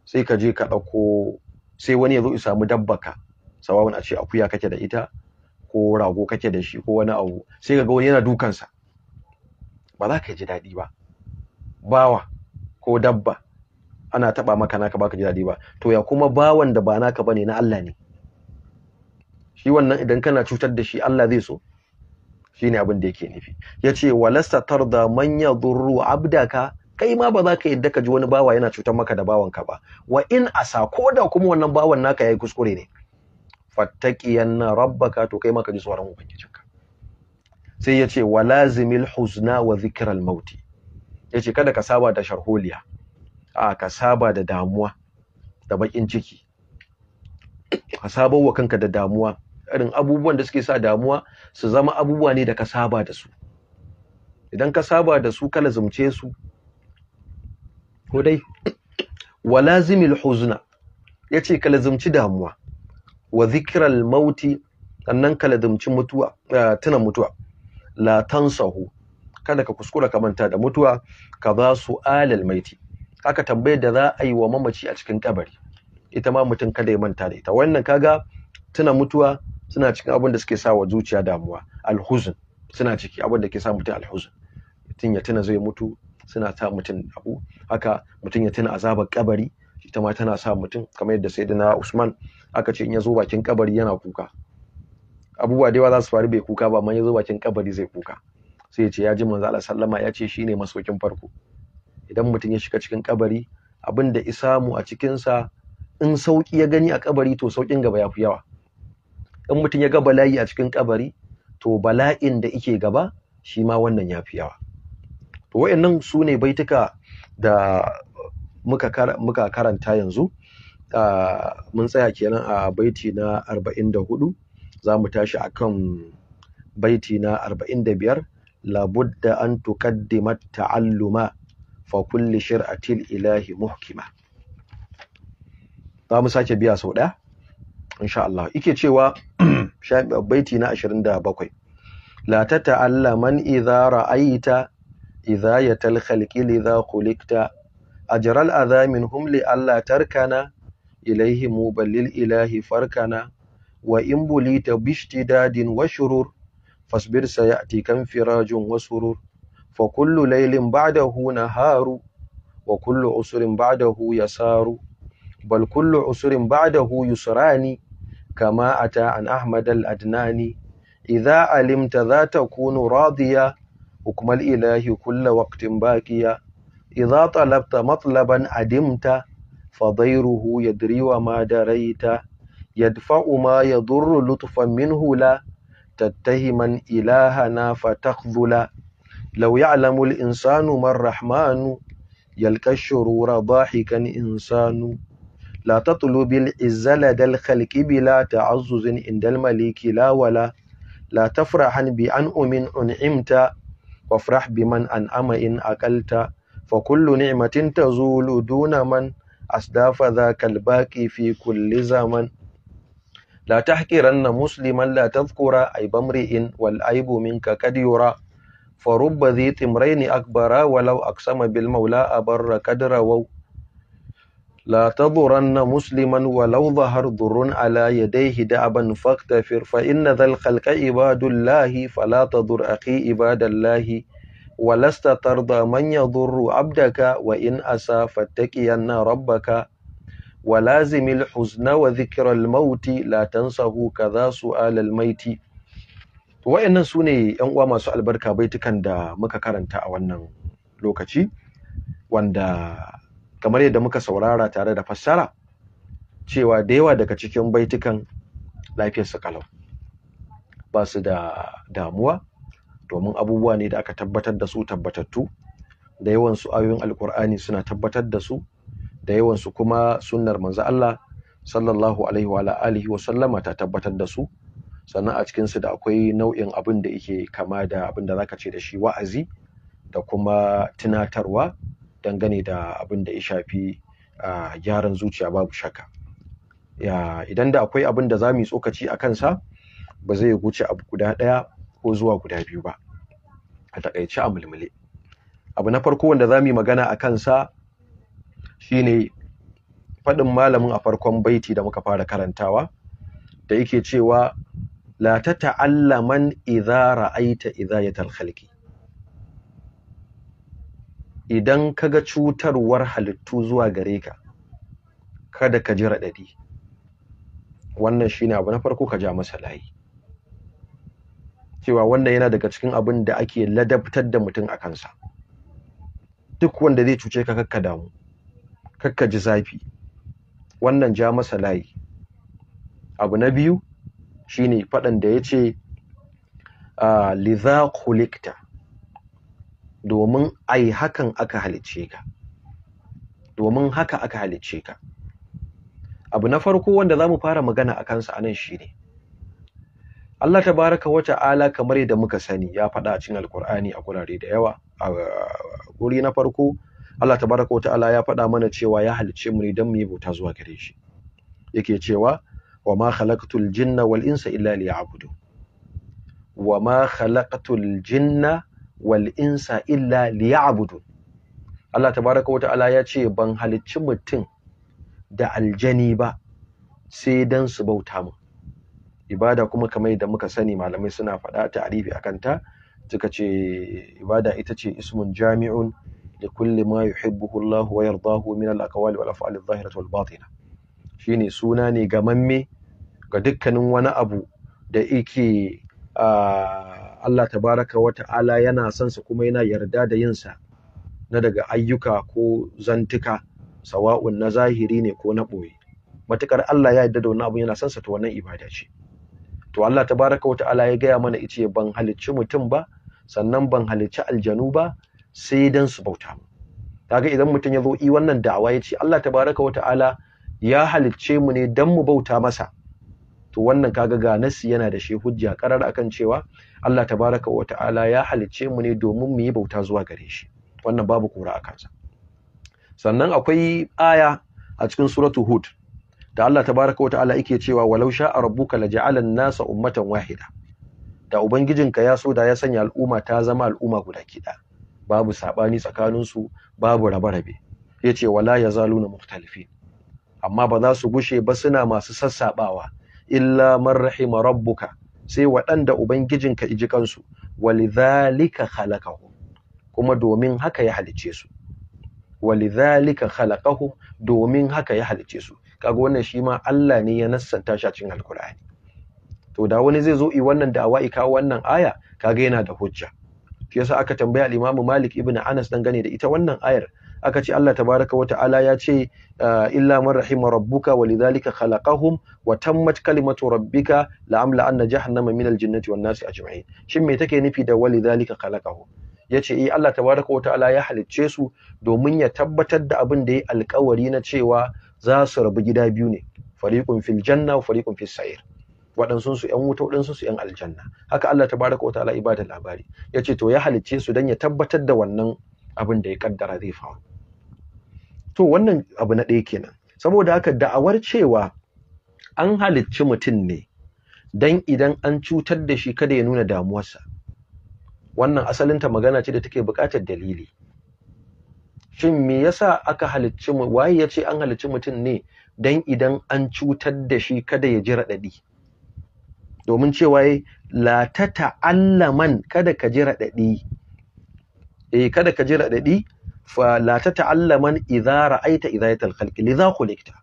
sai ka je ka ɗauko sai wani ya zo ya samu dabbaka sawawan a ce akuya kake da ita ko rago kake da shi ko wani abu sai kaga wani yana dukansa ba za ka ji daɗi ba bawa ko dabba ana taɓa maka naka baka ji daɗi ba to ya kuma bawan da ba naka bane na Allah ne shi wannan idan kana cutar da shi Allah zai so shine abin da yake nufi yace walasta tarda man yadurru abdaka kai ma ba za ka yadda ka ji wani bawa yana cutar maka da bawanka ba wa in asa ko da kuma wannan bawan naka yayi kuskure ne fattaqiyanna rabbaka to kai ma ka ji tsoron ubangijinka sai yace walazimil huzna wa zikral mauti yace kada ka saba da sharholiya a ka saba da damuwa da bakin ciki ka saba wa kanka da damuwa irin abubuwan da suke sa damuwa su zama abubuwa ne da ka saba da su idan ka saba da su kala zumce su ko dai lazimil huzna yace ka lazumci damuwa wa zikral mauti annan ka lazumci mutuwa eh, tuna mutuwa la tansahu kada ka kuskura ka manta da mutuwa ka ba su alal maiti haka tambayar da za a yi wa mamaci a cikin kabari ita ma mutum kada ya manta da ita wannan kaga tuna mutuwa suna cikin abin da suke sa wa zuciya damuwa alhuzun suna ciki abin da ke sa mutum alhuzun mutum ya tuna zai mutu suna sa mutum abu haka mutum ya tuna azabar kabari ita ma tana sa mutum kamar yadda sai sayyidina Usman aka ce in ya zo bakin kabari yana kuka abubuwa da yawa za su faru bai kuka ba amma ya zo bakin kabari zai kuka sai ya ce ya ji manzo Allah sallama ya ce shine masokin farko idan mutum ya shiga cikin kabari abin da isamu a cikin sa in sauki ya gani a kabari to saukin gaba ya fi yawa in mutum ya ga bala'i a cikin kabari to bala'in da yake gaba shi ma wannan ya fi yawa to wayannan su ne baituka da muka muka karanta yanzu mun tsaya kenan a baiti na 44 za mu tashi akan baiti na 45 labudda an tuqaddima ta'alluma fa kulli shir'atil ilahi muhkima za mu sake biya sau ɗaya insha Allah yake cewa baiti na 27 la tata'allaman idza ra'aita idza yatal khalqi lidha khuliqta ajral adha minhum li alla tarkana ilayhi mubalil ilahi farkana wa in bulita bishtidadin wa shurur fasbir sayati kan firajun wa surur fa kullu laylin ba'dahu naharu wa kullu usrin ba'dahu yasaru bal kullu usrin ba'dahu yusrani kama ata an ahmad al adnani idza alimta za ta kunu radiya حكم الإله كل وقت باكيا إذا طلبت مطلبا عدمت فضيره يدري وما دريت يدفع ما يضر لطفا منه لا تتهما إلهنا فتخذلا لو يعلم الإنسان ما الرحمن يلك الشرور ضاحكا إنسان لا تطلب العز لدى الخلق بلا تعزز عند الملك لا ولا لا تفرحا بأنعم أنعمت wafrah biman an'ama in aqalta fa kullu ni'matin tazulu duna man asdafa dhaka albaqi fi kulli zaman la tahqiranna musliman la tadhkura ayba mri'in wal aibu minka kad yura فرب ذي تمرين أكبر ولو أقسم بالمولى أبر كدر وو لا تضرن مسلما ولو ظهر ضر على يديه دعبا فاغتفر فإن ذا الخلق عباد الله فلا تضر أخي عباد الله ولست ترضى من يضر عبدك وإن أسى فاتقين ربك ولازم الحزن وذكر الموت لا تنسه كذا سؤال الميت وإن سوني أنواع ما سؤال بركة بيتك عند مكا كارنتا أو أنن لوكتي وعند kamar yadda muka saurara tare da fassara cewa da yawa daga cikin baitukan lafiyarsu kalau ba su da damuwa domin abubuwa ne da aka tabbatar da su tabbatattu da yawan su ayoyin alkur'ani suna tabbatar da su da yawan su kuma sunnar manzo Allah sallallahu alaihi wa alihi wa sallama ta tabbatar da su sannan a cikin su da akwai nau'in abin da yake kama da abin da zaka ce da shi wa'azi da kuma tunatarwa dangane da abin da ya shafi gyaran zuciya babu shakka idan da akwai abin da za mu yi tsokaci a kansa ba zai wuce abu guda ɗaya ko zuwa guda biyu ba a taƙaice a mulmule abu na farko wanda za mu yi magana a kansa shine faɗin malamin a farkon baiti da muka fara karantawa da yake cewa la ta ta'allaman idza ra'aita idza halki. idan ka ga cutarwar halittu zuwa gare ka kada ka ji raɗaɗi wannan shi abu na farko ka ja masa layi cewa wannan yana daga cikin abin da ake ladabtar da mutum a kansa duk wanda zai cuce ka kakka damu kakka ji zafi wannan ja masa layi abu na biyu shine faɗan da ya ce ah, liza domin ai hakan aka halicce ka domin haka aka halicce ka abu na farko wanda zamu fara magana a kansa anan shine Allah tabaraka wa ta'ala kamar yadda muka sani ya faɗa a cikin alkur'ani a gurare da yawa a guri na farko Allah tabaraka wa ta'ala ya faɗa mana cewa ya halicce mu ne don mu yi bauta zuwa gare shi yake cewa wa ma khalaqtul jinna wal insa illa liya'budu wa ma khalaqtul jinna Wal'insa illa illa liya'budun Allah tabaraka wa ta'ala ya ce ban halicci mutum da aljani ba sai dan su bauta mu ibada kuma kamar da muka sani malamai suna faɗa ta'arifi akan ta suka ce ibada ita ce ismun jami'un li kulli ma yuhibbuhu Allah wa yardahu min al-aqwali wal af'ali wal batina shine suna ne ga mamme, ga dukkanin wani abu da yake ah, Allah tabaraka wa ta'ala yana son sa kuma yana yarda da yin sa na daga ayyuka ko zantuka sawa'un na zahiri ne ko na ɓoye matukar Allah ya yarda da wannan abu yana son sa to wannan ibada ce to Allah tabaraka wa ta'ala ya gaya mana ice ban halicci mutum ba sannan ban halicci aljanu ba sai dan su bauta mu kaga idan mutum ya zo yi wannan da'awa ya ce Allah tabaraka wa ta'ala ya halicce mu ne dan mu bauta masa to wannan kaga ga nasi yana da shi hujja karar akan cewa Allah tabaraka wa ta'ala ya halicce mu ne domin mu yi bauta zuwa gare shi wannan babu kura a kansa sannan akwai aya a cikin suratu hud da Allah tabaraka wa ta'ala yake cewa walau sha'a rabbuka laja'ala an-nasa ummatan wahida da ubangijinka ya so da ya sanya al'umma ta zama al'umma guda kida babu sabani tsakaninsu babu rabe-rabe yace wala yazaluna mukhtalifin amma ba za su gushe ba suna masu sassabawa illa man rahima rabbuka sai waɗanda ubangijinka iji kansu walidhalika khalaqahum kuma domin haka ya halice su walidhalika khalaqahum domin haka ya halice su kaga wannan shi ma Allah ne ya nassanta shi a cikin alkur'ani to da wani zai zo i wannan da'awa i kawo wannan aya kaga yana da hujja shi yasa aka tambaya al-Imam Malik ibn Anas dangane da ita wannan ayar aka ce Allah tabaraka wata'ala ya ce ah, illa man rahima rabbuka lidhalika khalaqahum wa tammat kalimatu rabbika la'amla anna jahannama min aljannati wan nasi ajma'in shin me take nufi da lidhalika khalaqahum yace eh Allah tabaraka wata'ala ya halicce su domin ya tabbatar da abin da ya alƙawari na cewa za su rabu gida biyu ne fariqun fil janna wa fariqun fis sa'ir waɗansu su ‘yan wuta waɗansu su ‘yan aljanna haka Allah tabaraka ibada labari ya ce to ya halicce su don ya tabbatar da wannan abin da ya kaddara zai faru to wannan abu na ɗaya kenan saboda haka da'awar cewa an halicci mutum ne dan idan an cutar da shi kada ya nuna damuwarsa wannan asalinta magana ce da take buƙatar dalili shin me yasa aka halicci mu waye ya ce an halicci mutum ne dan idan an cutar da shi kada ya ji raɗaɗi domin cewa eh, la ta ta'allaman kada ka ji raɗaɗi eh kada ka ji raɗaɗi fa la ta ta'allaman idza ra'aita idayatal khalqi lidha khuliqta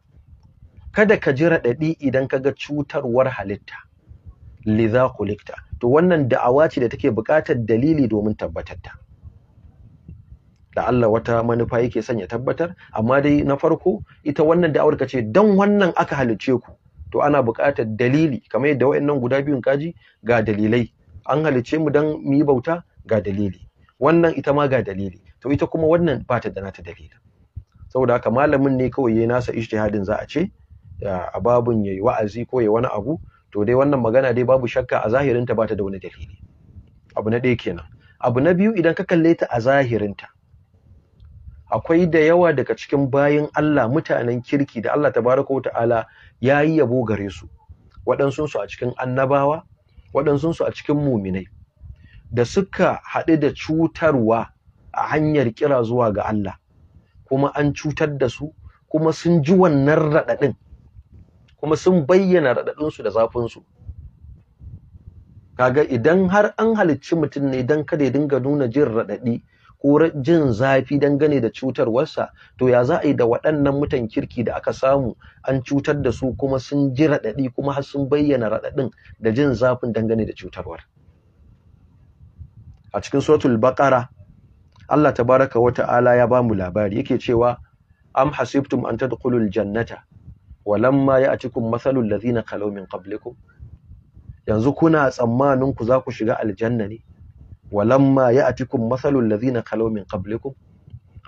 kada ka ji raɗaɗi idan ka kaga cutarwar halitta liza khuliqta to wannan da'awa ce da take buƙatar dalili domin tabbatar ta da Allah wata manufa yake sanya tabbatar amma dai na farko ita wannan da'awar ka ce dan wannan aka halicce ku to ana buƙatar dalili kamar yadda wayannan guda biyun kaji ga dalilai an halicce mu dan mu yi bauta ga dalili wannan ita ma ga dalili to ita kuma wannan ba ta da nata dalili saboda haka malamin ne kawai yayin nasa ijtihadin za a ce a babun yayi wa'azi ko yayi wani abu to dai wannan magana dai babu shakka a zahirinta ba ta da wani dalili abu na ɗaya kenan abu na biyu idan ka kalle ta a zahirinta akwai da yawa daga cikin bayin Allah mutanen kirki da Allah tabaraka ta'ala ya yi yabo gare su waɗansu su a cikin annabawa waɗansu su a cikin muminai da suka haɗu da cutarwa a hanyar kira zuwa ga Allah kuma an cutar da su kuma sun ji wannan raɗaɗin kuma sun bayyana raɗaɗinsu da zafinsu kaga idan har an halicci mutum ne don kada ya dinga nuna jin raɗaɗi ko jin zafi dangane da cutarwarsa to ya za a yi da waɗannan mutan kirki da aka samu an cutar da su kuma sun ji raɗaɗi kuma har sun bayyana raɗaɗin da jin zafin dangane da cutarwar a cikin suratul baqara Allah tabaraka wa ta'ala ya bamu labari yake cewa am hasibtum an tadkhulul jannata walamma ya'tikum mathalul ladzina khalaw min qablikum yanzu kuna tsammanin ku za ku shiga aljanna ne walamma ya'tikum mathalul ladzina khalaw min qablikum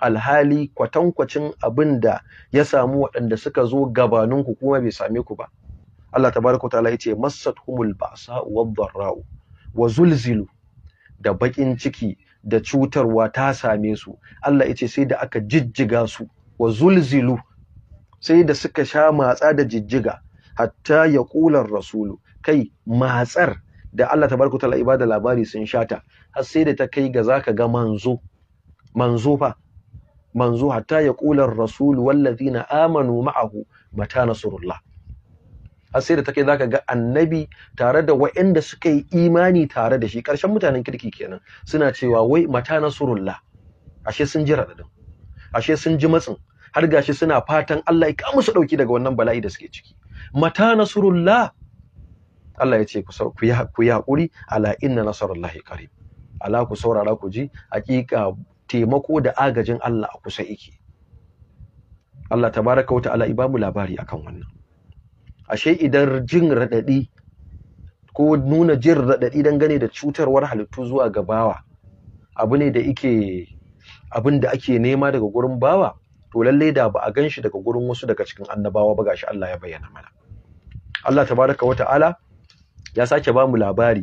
alhali kwatankwacin abinda ya samu waɗanda suka zo gabaninku kuma bai same ku ba Allah tabaraka wa ta'ala yace humul, ba'sa wad dharra wa zulzilu da baƙin ciki da cutarwa ta same su Allah ce sai da aka jijjiga su wa zulzilu sai da suka sha matsa da jijjiga hatta ya ƙular rasulu kai matsar da Allah tabaraka ta'ala ibada labari sun shata har sai da ta kai ga zaka ga manzo manzo fa manzo hatta ya ƙular rasulu wallazina amanu ma'ahu mata nasrullah har sai da take zaka ga annabi tare da waɗanda suka yi imani tare da shi Karshen mutanen kirki kenan suna cewa wai mata nasurullah ashe sun ji raɗaɗin ashe sun ji matsin har gashi suna fatan Allah ya ka musu ɗauki daga wannan bala'i da suke ciki mata nasurullah Allah ya ce ku yi haƙuri ala inna nasarullahi qarib ala ku saurara ku ji Hakika taimako da agajin Allah a kusa yake Allah tabaraka wa ta'ala ibamu labari akan wannan ashe idan jin raɗaɗi ko nuna jin raɗaɗi dangane da cutarwar halittu zuwa ga bawa abu ne da ike abin da ake nema daga gurin bawa to lallai da ba a gan shi daga gurin wasu daga cikin annabawa ba gashi Allah ya bayyana mana Allah tabaraka wata'ala ya sake ba mu labari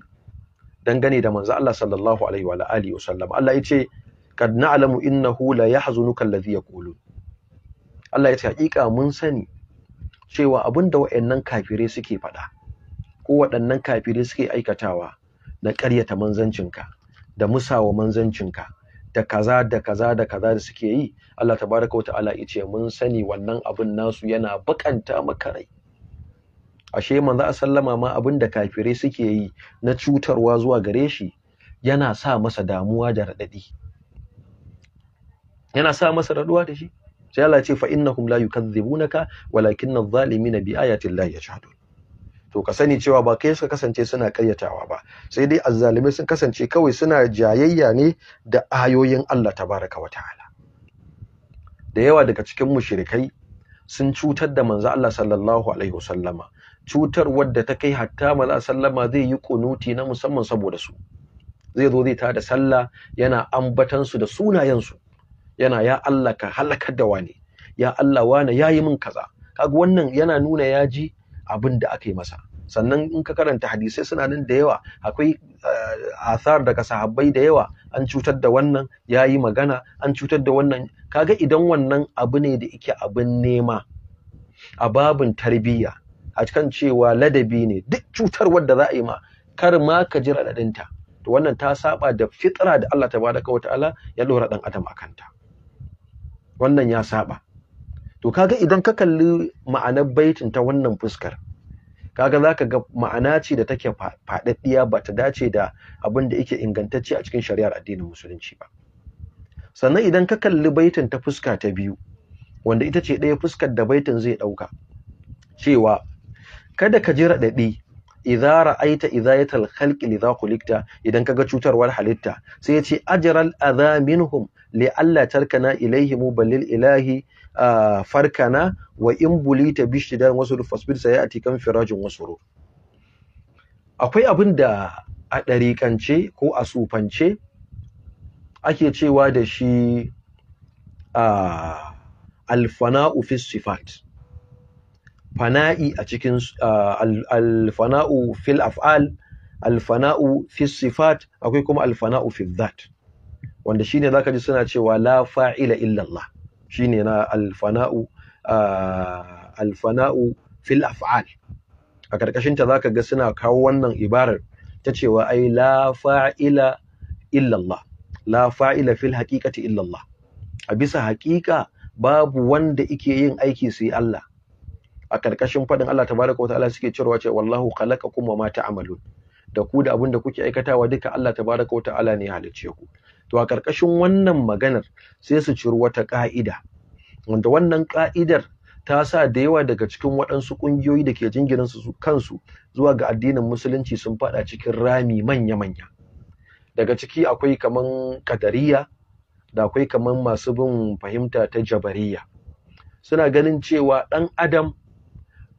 dangane da manzo Allah sallallahu alaihi wa alihi wasallam Allah yace kad na'lamu innahu la yahzunuka alladhi yaqulun Allah yace hakika mun sani cewa abin da waɗannan kafirai suke faɗa ko waɗannan kafirai suke aikatawa na ƙaryata manzancinka da musawa manzancinka da kaza da kaza da kaza da suke yi Allah tabaraka wa ta'ala yace mun sani wannan abin nasu yana bakanta maka rai ashe manzo a sallama ma abin da kafirai suke yi na cutarwa zuwa gare shi yana sa masa damuwa da raɗaɗi yana sa masa raɗuwa da shi sai Allah ce fa innahum la yukadhibunaka walakinna adh-dhalimina bi ayati llahi yajhadun to ka sani cewa ba kai suka kasance suna ƙayyatawa ba sai dai azzalimi sun kasance kawai suna jayayya ne da ayoyin Allah tabaraka wa ta'ala da yawa daga cikin mushrikai sun cutar da manzo Allah sallallahu alaihi wasallama cutar wadda ta kai hatta manzo sallama zai yi kunuti na musamman saboda su zai zo zai tada sallah yana ambatan su da sunayen su yana ya Allah ka halakar da wani ya Allah wani yi min kaza kaga wannan yana nuna yaji ji abin da aka yi masa sannan in ka karanta hadisai suna nan da yawa akwai eh, athar daga sahabbai da yawa an cutar da wannan yayi magana an cutar da wannan kaga idan wannan abu ne da yake abin nema a babin tarbiyya a kan cewa ladabi ne duk cutar wadda za a yi ma kar ma ka ji raɗaɗinta to wannan ta saba da fitra da Allah tabaraka wa ta'ala ya lura dan adam akanta wannan ya saba to kaga idan ka kalli ma'anar baitin ta wannan fuskar kaga zaka ga ma'ana ce da take faɗaɗɗiya ba ta dace da abin da yake ingantacce a cikin shari'ar addinin musulunci ba sannan idan ka kalli baitin ta fuska ta biyu wanda ita ce ɗaya fuskar da baitin zai ɗauka cewa kada ka ji raɗaɗi idza ra'aita idayatal khalqi lidha khuliqta idan kaga cutarwar halitta sai yace ajral adha minhum li alla tarkana ilaihim balil ilahi farkana wa in bulita bishtidan wasul fasbir sayati kan firajin wasuru akwai abin da a ɗariƙance ko a sufance ake cewa da shi alfana'u fi sifat fana'i a cikin alfana'u fil af'al alfana'u fi sifat akwai kuma alfana'u fi dhat wanda shine zaka ji suna cewa la fa'ila illallah, shine na alfana'u alfana'u fil af'al a karkashin ta zaka ga suna kawo wannan ibarar ta cewa ai la fa'ila illallah, la fa'ila fil haqiqati illa a bisa haqiqa babu wanda yake yin aiki sai Allah a ƙarƙashin faɗin Allah tabaraka wa ta'ala suke cewa ce wallahu khalaqakum wa ma ta'malun da ku da abin da kuke aikatawa duka Allah tabaraka wa ta'ala ne ya halice ku to a ƙarƙashin wannan maganar sai su ciro wata ka'ida wanda wannan ƙa'idar ta sa da yawa daga cikin waɗansu ƙungiyoyi da ke jingirin su kansu zuwa ga addinin musulunci sun faɗa cikin rami manya-manya daga ciki akwai kaman kadariya da akwai kaman masu bin fahimta ta jabariya suna ganin cewa ɗan adam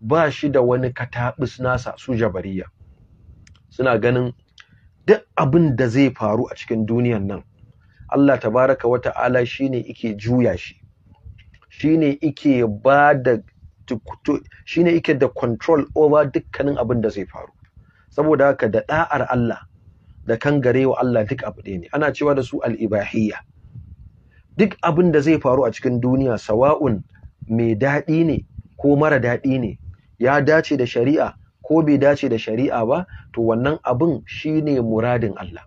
ba shi da wani kataɓis nasa su jabariya suna ganin duk abin da zai faru a cikin duniyan nan Allah tabaraka wa ta'ala shine ike juya shi shine ike ba da shine ike da control over dukkanin abin da zai faru saboda haka da da'ar Allah da kan kangarewa Allah duk abu ɗaya ne ana cewa da su al'ibahiyya. duk abin da zai faru a cikin duniya sawa'un mai daɗi ne ko mara daɗi ne ya dace da shari'a ko bai dace da shari'a ba to wannan abin ne muradin Allah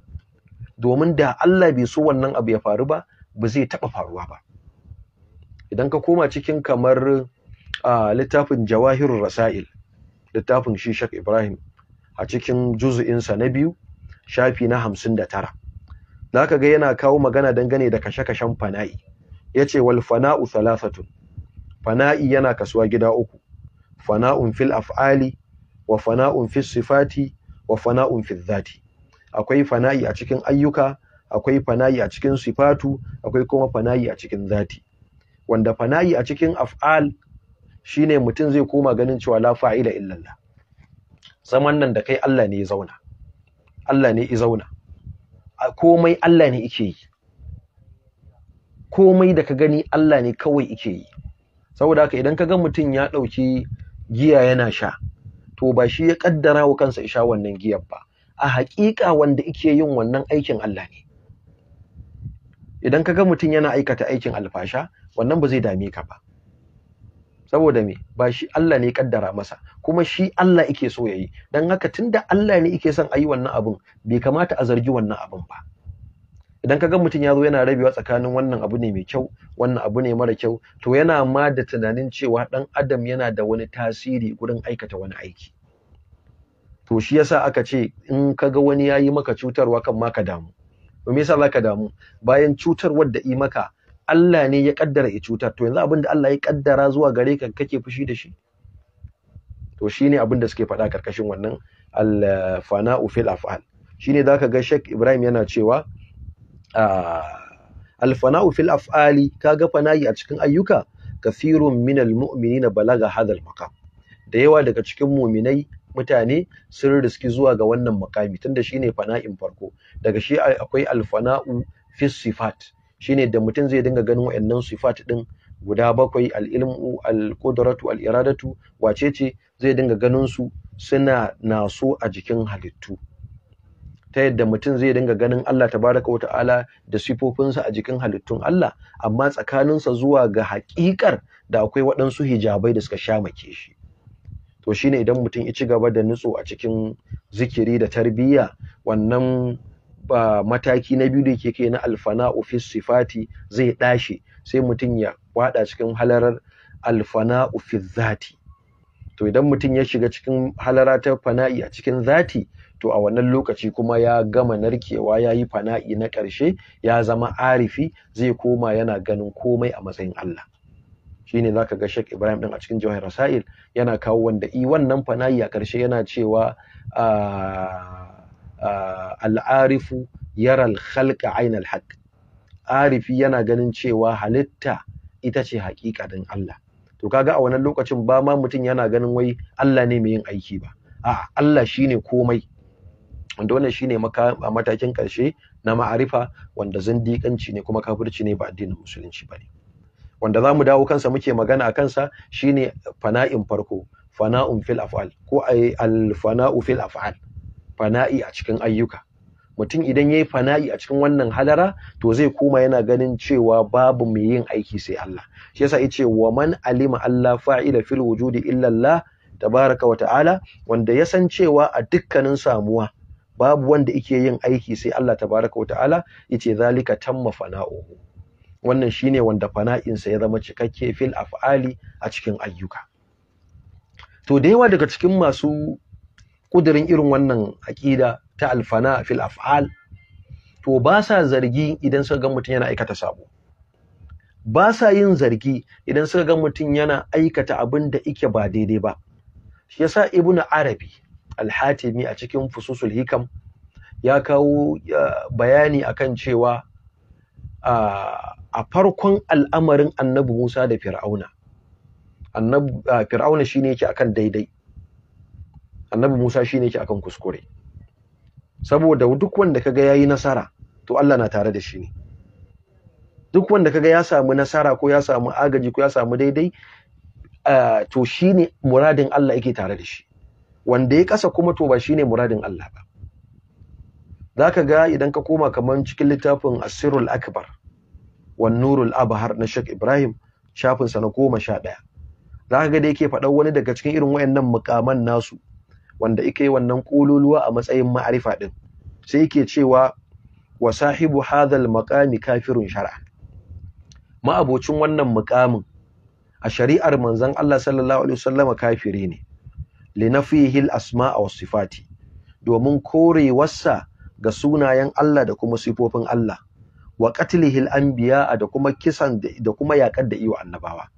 domin da Allah bai so wannan abu ya faru ba ba zai taɓa faruwa ba idan ka koma cikin kamar a littafin Jawahirur Rasail littafin shi Ibrahim a cikin juzu'insa na biyu shafi na hamsin da 59 zaka ga yana kawo magana dangane da kashe-kashen fana'i yace wal fana'u salasatun fana'i yana kasuwa gida uku fana'un fil af'ali wa fana'un fis sifati wa fana'un fil dhati akwai fana'i a cikin ayyuka akwai fana'i a cikin sifatu akwai kuma fana'i a cikin dhati wanda fana'i a cikin af'al shine mutum zai koma ganin cewa la fa'ila illallah zaman nan da kai Allah ne ya zauna Allah ne ya zauna komai Allah ne yake yi komai da ka gani Allah ne kawai yake yi saboda haka idan ka ga mutum ya ɗauki giya yana sha to ba shi ya kaddara wa kansa sha wannan giyar ba a haƙiƙa wanda yake yin wannan aikin Allah ne idan kaga mutum yana aikata aikin alfasha wannan ba zai dame ka ba saboda me ba shi Allah ne kaddara masa kuma shi Allah yake so yayi dan haka tunda Allah ne yake son ayi wannan abun bai kamata a zargi wannan abun ba idan ka ga mutum ya zo yana rabewa tsakanin wannan abu ne mai kyau wannan abu ne mara kyau to yana ma da tunanin cewa ɗan adam yana da wani tasiri gurin aikata wani aiki to shi yasa aka ce in ka ga wani ya yi maka cutarwa kan ma ka damu to me yasa za ka damu bayan cutarwar da i maka Allah ne ya kaddara ya cutar to yanzu abin da Allah ya kaddara zuwa gare ka kake fushi da shi to shine abin da suke faɗa karkashin wannan al fana'u fil af'al shine zaka ga Sheikh Ibrahim yana cewa Ah, alfana'u fil af'ali kaga fana'i a cikin ayyuka kafirun minal mu'minina balaga hadal maqam da yawa daga cikin muminai mutane sun riski zuwa ga wannan makami tunda shine fana'in farko daga shi akwai alfana'u fi sifat shine da mutum zai dinga ganin wayannan sifat din guda bakwai al-ilmu al-qudratu al-iradatu wacece zai dinga ganin su suna naso a jikin halittu ta yadda mutum zai dinga ganin Allah tabaraka wa ta'ala da sifofinsa a jikin halittun Allah amma tsakaninsa zuwa ga haƙiƙar da akwai waɗansu hijabai da suka shamake shi to shine idan mutum ya ci gaba da nutso a cikin zikiri da tarbiyya wannan ba mataki na biyu da yake kai na alfana'u fi sifati zai ɗashi sai mutum ya wada cikin halarar alfana'u fi zati to idan mutum ya shiga cikin halara ta fana'i a cikin zati to a wannan lokaci kuma ya gama narkewa ya yi fana'i na ƙarshe ya zama arifi zai koma yana ganin komai a matsayin Allah shine zaka ga Sheikh Ibrahim ɗin a cikin Jawahir Rasail yana kawo wanda i wannan fana'i a ƙarshe yana cewa ah, ah, al'arifu yaral khalqa ainal haq arifi yana ganin cewa halitta ita ce haƙiƙanin Allah to kaga a wannan lokacin ba ma mutum yana ganin wai Allah ne mai yin aiki ba a'a Allah shine komai wanda wannan shine a matakin ƙarshe na ma'arifa wanda zindiƙanci ne kuma kafirci ne ba addinin musulunci ba ne wanda za mu dawo kansa muke magana a kansa shine fana'in farko fana'un fil af'al ko alfana'u fil af'al fana'i a cikin ayyuka mutum idan yayi fana'i a cikin wannan halara to zai koma yana ganin cewa babu mai yin aiki sai Allah shi yasa yace wa man alima Allah fa'ila fil wujudi illa Allah tabaraka wa ta'ala wanda ya san cewa a dukkanin samuwa babu wanda yake yin aiki sai Allah tabaraka wata'ala yace zalika tamma fana'uhu wannan shine wanda fana'insa ya zama cikakke fil af'ali a cikin ayyuka to da yawa daga cikin masu kudirin irin wannan aƙida ta alfana fil af'al to ba sa zargi idan suka ga mutum yana aikata sabo ba sa yin zargi idan suka ga mutum yana aikata abin da yake ba daidai ba shi yasa ibnu arabi al-hatimi a cikin fususul hikam ya kawo bayani akan cewa a farkon al'amarin annabi Musa da Fir'auna annabi Fir'auna shine yake akan daidai annabi Musa shine yake akan kuskure saboda duk wanda kaga yayi nasara to Allah na tare da shi ne duk wanda kaga ya samu nasara ko ya samu agaji ko ya samu daidai to shine muradin Allah yake tare da shi wanda ya kasa kuma to ba shine muradin Allah ba zaka ga idan ka koma kaman cikin littafin Asirul Akbar wan Nurul Abhar na Sheikh Ibrahim shafin sa na 11 zaka ga da yake faɗa wani daga cikin irin wayannan mukaman nasu wanda yake wannan kululuwa a matsayin ma'arifa din sai yake cewa wa sahibu hadhal maqami kafirun shar'a ma'abocin wannan mukamin a shari'ar manzon Allah sallallahu alaihi wasallam kafiri ne al asma'a was sifati domin korewarsa ga sunayen Allah da kuma sifofin Allah wa al anbiya da kuma kisan da kuma yakar da iwa annabawa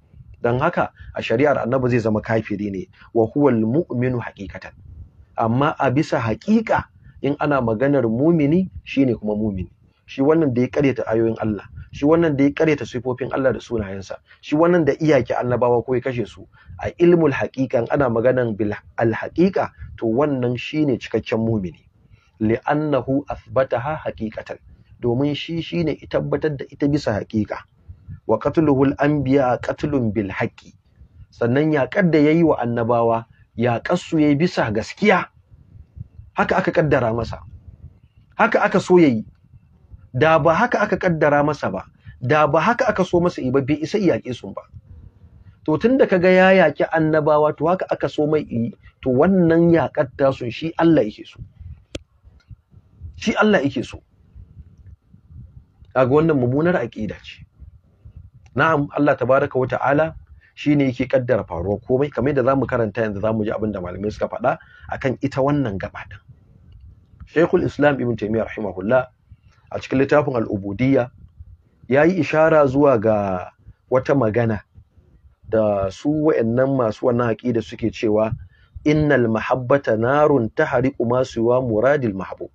dan haka a shari'ar annabi zai zama kafiri ne wa huwal mu'minu haqiqatan amma a bisa haqiqa in ana maganar mumini shine kuma mumini shi wannan da ya karyata ayoyin Allah shi wannan da ya kareta sifofin Allah da sunayensa shi wannan da iyake annabawa ko ya kashe su a ilmul haqiqan ana maganan bil al to wannan shine cikakken mumini li'annahu athbataha haqiqatan domin shi shine i tabbatar da ita bisa haqiqa wa qatluhu al anbiya qatlun bil haqqi sannan yaƙar da yayi wa annabawa yaƙar su yayi bisa gaskiya haka aka kaddara masa haka aka so yayi da ba haka aka kaddara masa ba da ba haka aka so masa iba bai isa iyake sun ba to tunda kaga ya yaki annabawa to haka aka so mai yi to wannan yakar ta sun shi Allah yake so shi Allah yake so kaga wannan mummunar aqida ce na'am Allah tabaraka wa ta'ala shine yake kaddara faruwa komai kamar da zamu karanta yanzu zamu ji abin da malamai suka faɗa akan ita wannan gaba din Sheikhul Islam Ibn Taymiyyah rahimahullah a cikin littafin al'ubudiyya ya yi ishara zuwa ga wata magana da su wa'annan masu wannan da suke cewa innal mahabbata narun tahriqu ma suwa muradil mahbub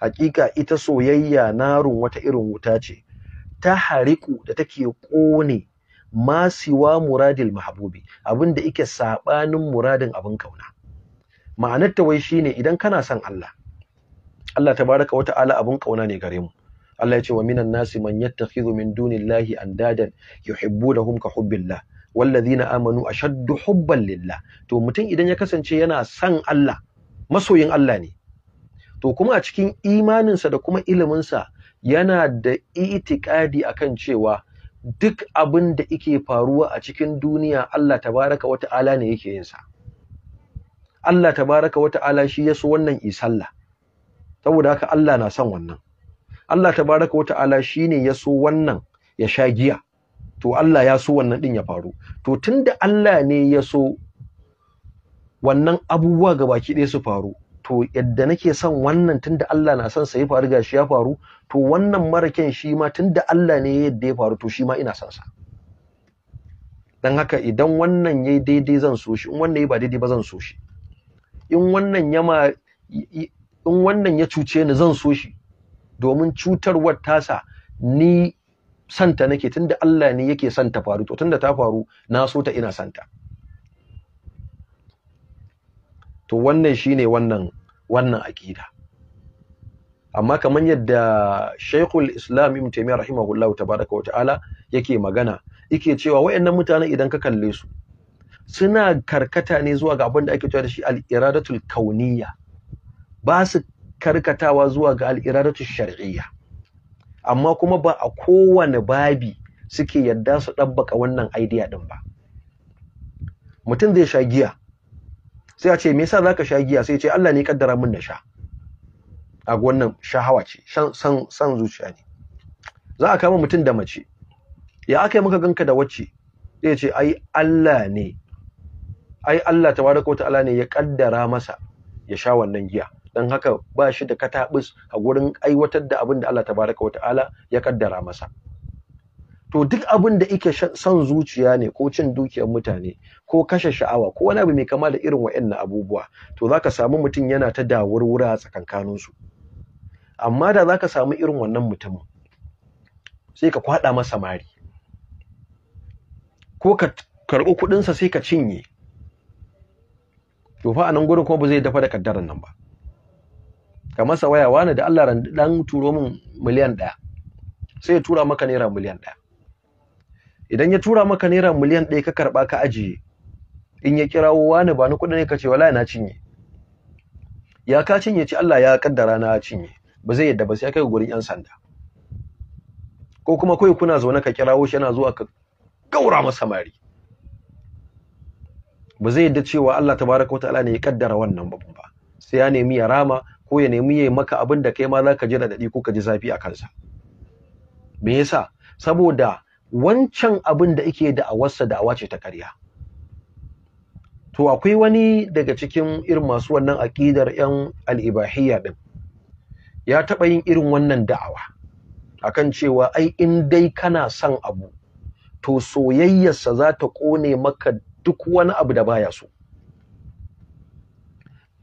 hakika ita soyayya narun wata irin wuta ce tahriqu da take ƙone ma siwa muradil mahbubi da yake saɓanin muradin abin kauna Ma'anarta ta wai shine idan kana son Allah Allah tabaraka wata'ala abun kauna ne gare mu Allah ya ce wa minan nasi man yattakhidhu min dunillahi andadan yuhibbunahum ka hubbillah wallazina amanu ashaddu hubban lillah to mutum idan ya kasance yana san Allah masoyin Allah ne to kuma a cikin imaninsa da kuma iliminsa yana da itikadi akan cewa duk abin da yake faruwa a cikin duniya Allah tabaraka wata'ala ne yake yin sa Allah tabaraka wata'ala shi ya so wannan isalla saboda haka Allah na son wannan Allah tabaraka wata'ala shine ya so wannan ya sha giya to Allah ya so wannan din ya faru to tunda Allah ne ya so wannan abubuwa baki ɗaya su faru to yadda nake son wannan tunda Allah na son sa ya faru gashi ya faru to wannan marakin shi ma tunda Allah ne yadda ya faru to shi ma ina son sa dan haka idan wannan yayi daidai zan so shi in wannan yayi ba daidai ba zan so shi in wannan yama in wannan ya cuce ni zan so shi domin cutarwar tasa ni santa nake tunda Allah ne yake santa faru to tunda ta faru na so ta ina santa to wannan shine wannan wannan aqida amma kamar yadda Sheikhul Islam Ibn Taymiyyah rahimahullahu tabaaraka wa ta'ala yake magana yake cewa wayannan mutanen idan ka kalle su suna karkata ne zuwa ga abin da ake cewa da shi al-iradatul kauniyya ba su karkatawa zuwa ga al'iradatu shar'iyya amma kuma ba a kowane babi suke yadda su ɗabbaka wannan idea ɗin ba mutum zai sha giya sai a ce me yasa zaka sha giya sai ce Allah ne kaddara min na sha a wannan shahawa ce san san zuciya ne za a kama mutum da mace ya aka yi maka ganka da wacce sai ce ai Allah ne ai Allah tabaraka wa ta'ala ne ya kaddara masa ya sha wannan giya don haka ba shi da katabus a gurin aiwatar da abin da Allah tabaraka wa ta'ala ya kaddara masa to duk abin da yake son zuciya ne ko cin dukiyar mutane ko kashe sha'awa ko wani abu mai kama da irin waɗannan abubuwa to zaka samu mutum yana ta dawurwura a tsakankanin su amma da zaka samu irin wannan mutum. sai ka kwada masa mari ko ka karɓi kuɗinsa sai ka cinye to fa a nan gurin kuma ba zai dafa da kaddaran nan ba ka masa waya wani da Allah dan turo min miliyan ɗaya sai ya tura maka naira miliyan ɗaya idan ya tura maka naira miliyan ɗaya ka karɓa ka ajiye in ya kirawo wani ba ni kuɗi ne ka ce wallahi na cinye ya ka cinye ci Allah ya kaddara na cinye ba zai yadda ba sai kai gurin yan sanda ko kuma kai kuna zaune ka kirawo shi yana zuwa ka gaura masa mari ba zai yadda cewa Allah tabaraka Ta'ala ne ya kaddara wannan babu ba sai ya nemi ya rama ko ya nemi yayi maka abin da kai ma zaka ji radadi ko ka ji zafi a kansa me yasa saboda wancan abin da yake da awarsa da awace ta ƙarya to akwai wani daga cikin irin masu wannan aqidar yan al-ibahiyya din ya taɓa yin irin wannan da'awa akan cewa ai in dai kana son abu to soyayyarsa za ta kone maka duk wani abu da baya so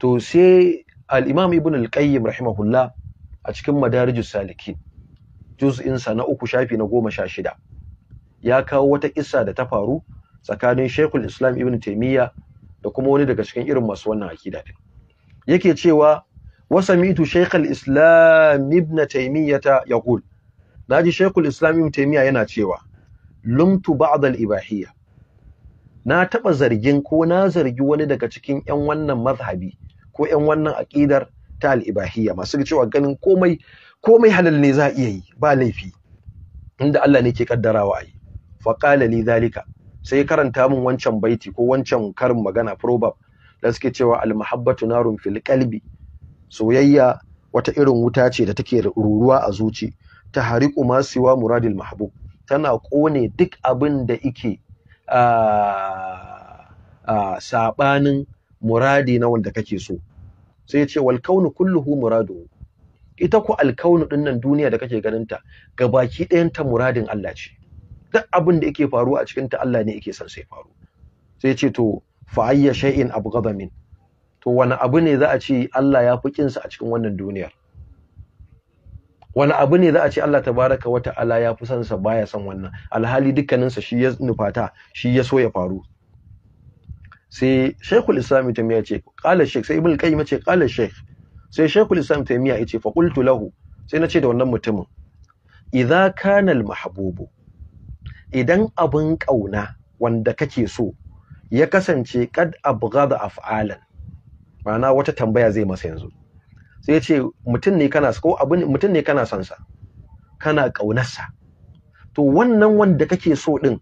to sai alimam imam ibn al-qayyim rahimahullah a cikin madarijus salikin juz'insa na uku shafi na goma sha shida ya kawo wata isa da ta faru tsakanin shaykhul islam ibn taymiya da kuma wani daga cikin irin masu wannan akida din yake cewa wasamitu shaykhul islam ibn taymiyata Na ji shaykhul islam ibn taimiyya yana cewa lumtu ba'd al-ibahiyya na taɓa zargin ko na zargi wani daga cikin 'yan wannan mazhabi ko ƴan wannan aƙidar ta al'ibahiyya masu cewa ganin komai komai halal ne za a iya yi ba laifi inda Allah ne ke kaddarawa a yi qala li zalika sai karanta min wancan baiti ko wancan karin magana proverb da suke cewa almahabbatu narun fil qalbi soyayya wata irin wuta ce da take ruruwa a zuci ta hariku ma siwa muradil mahbub tana kone duk abin da yake a ah, ah, sabanin muradi na wanda kake so sai ya ce wal kaunu kulluhu muradu ita ku alkaunu din nan duniya da kake ganin ta gabaki ɗayan ta muradin Allah ce duk abin da yake faruwa a cikin ta Allah ne yake son sai faru sai ya ce to fa ayya shay'in abghadha min to wani abu ne za a ce Allah ya fi sa a cikin wannan duniyar wani abu ne za a ce Allah tabaraka wata ta'ala ya fi son sa baya son wannan alhali dukkaninsa shi ya nufata shi ya so ya faru sai shaykhul islam taymiya ce qala shek. sai ibn qayyim ce qala shek. sai shaykhul islam taymiya yace ce, qultu lahu sai nace da wannan mutumin idza kanal al mahbubu idan abin ƙauna wanda kake so ya kasance kad abghada af'alan ma'ana wata tambaya zai masa yanzu sai ce mutum ne kana ko abin mutum ne kana son sa kana ƙaunarsa. to wannan wanda kake so din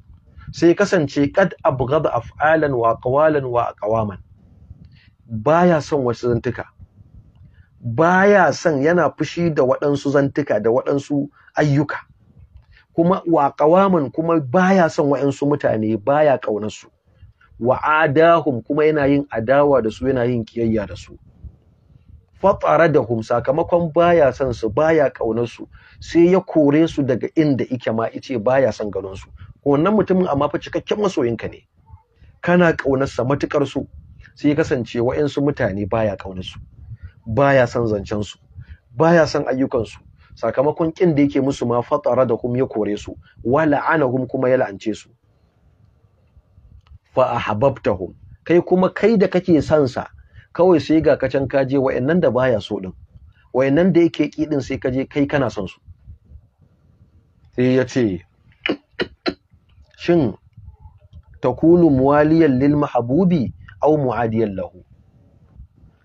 sai kasance kad abghada af'alan wa aqwalan wa aqwaman baya son wasu zantuka baya son yana fushi da waɗansu zantuka da waɗansu ayyuka kuma wa qawaman kuma baya son waɗansu mutane baya su. wa adahum kuma yana yin adawa da su yana yin kiyayya da su fatsara da hum sakamakon baya son su baya su, sai ya kore su daga inda ike ma ice baya son ganin su wannan mutumin amma fa cikakken masoyinka ne kana ƙaunarsa matukar su sai ya kasance wa'insu mutane baya ƙaunarsu baya son zancen su baya son su sakamakon kin da yake musu ma fatara da kuma ya kore su wa la'anahum kuma ya la'ance su fa ahabbtahum kai kuma kai da kake son sa kawai sai ga kacan kaje wa'annan da baya so din wa'annan da yake kidin sai kaje kai kana son su sai ya ce shin takunu muwaliyan lil mahabubi aw muadiyan lahu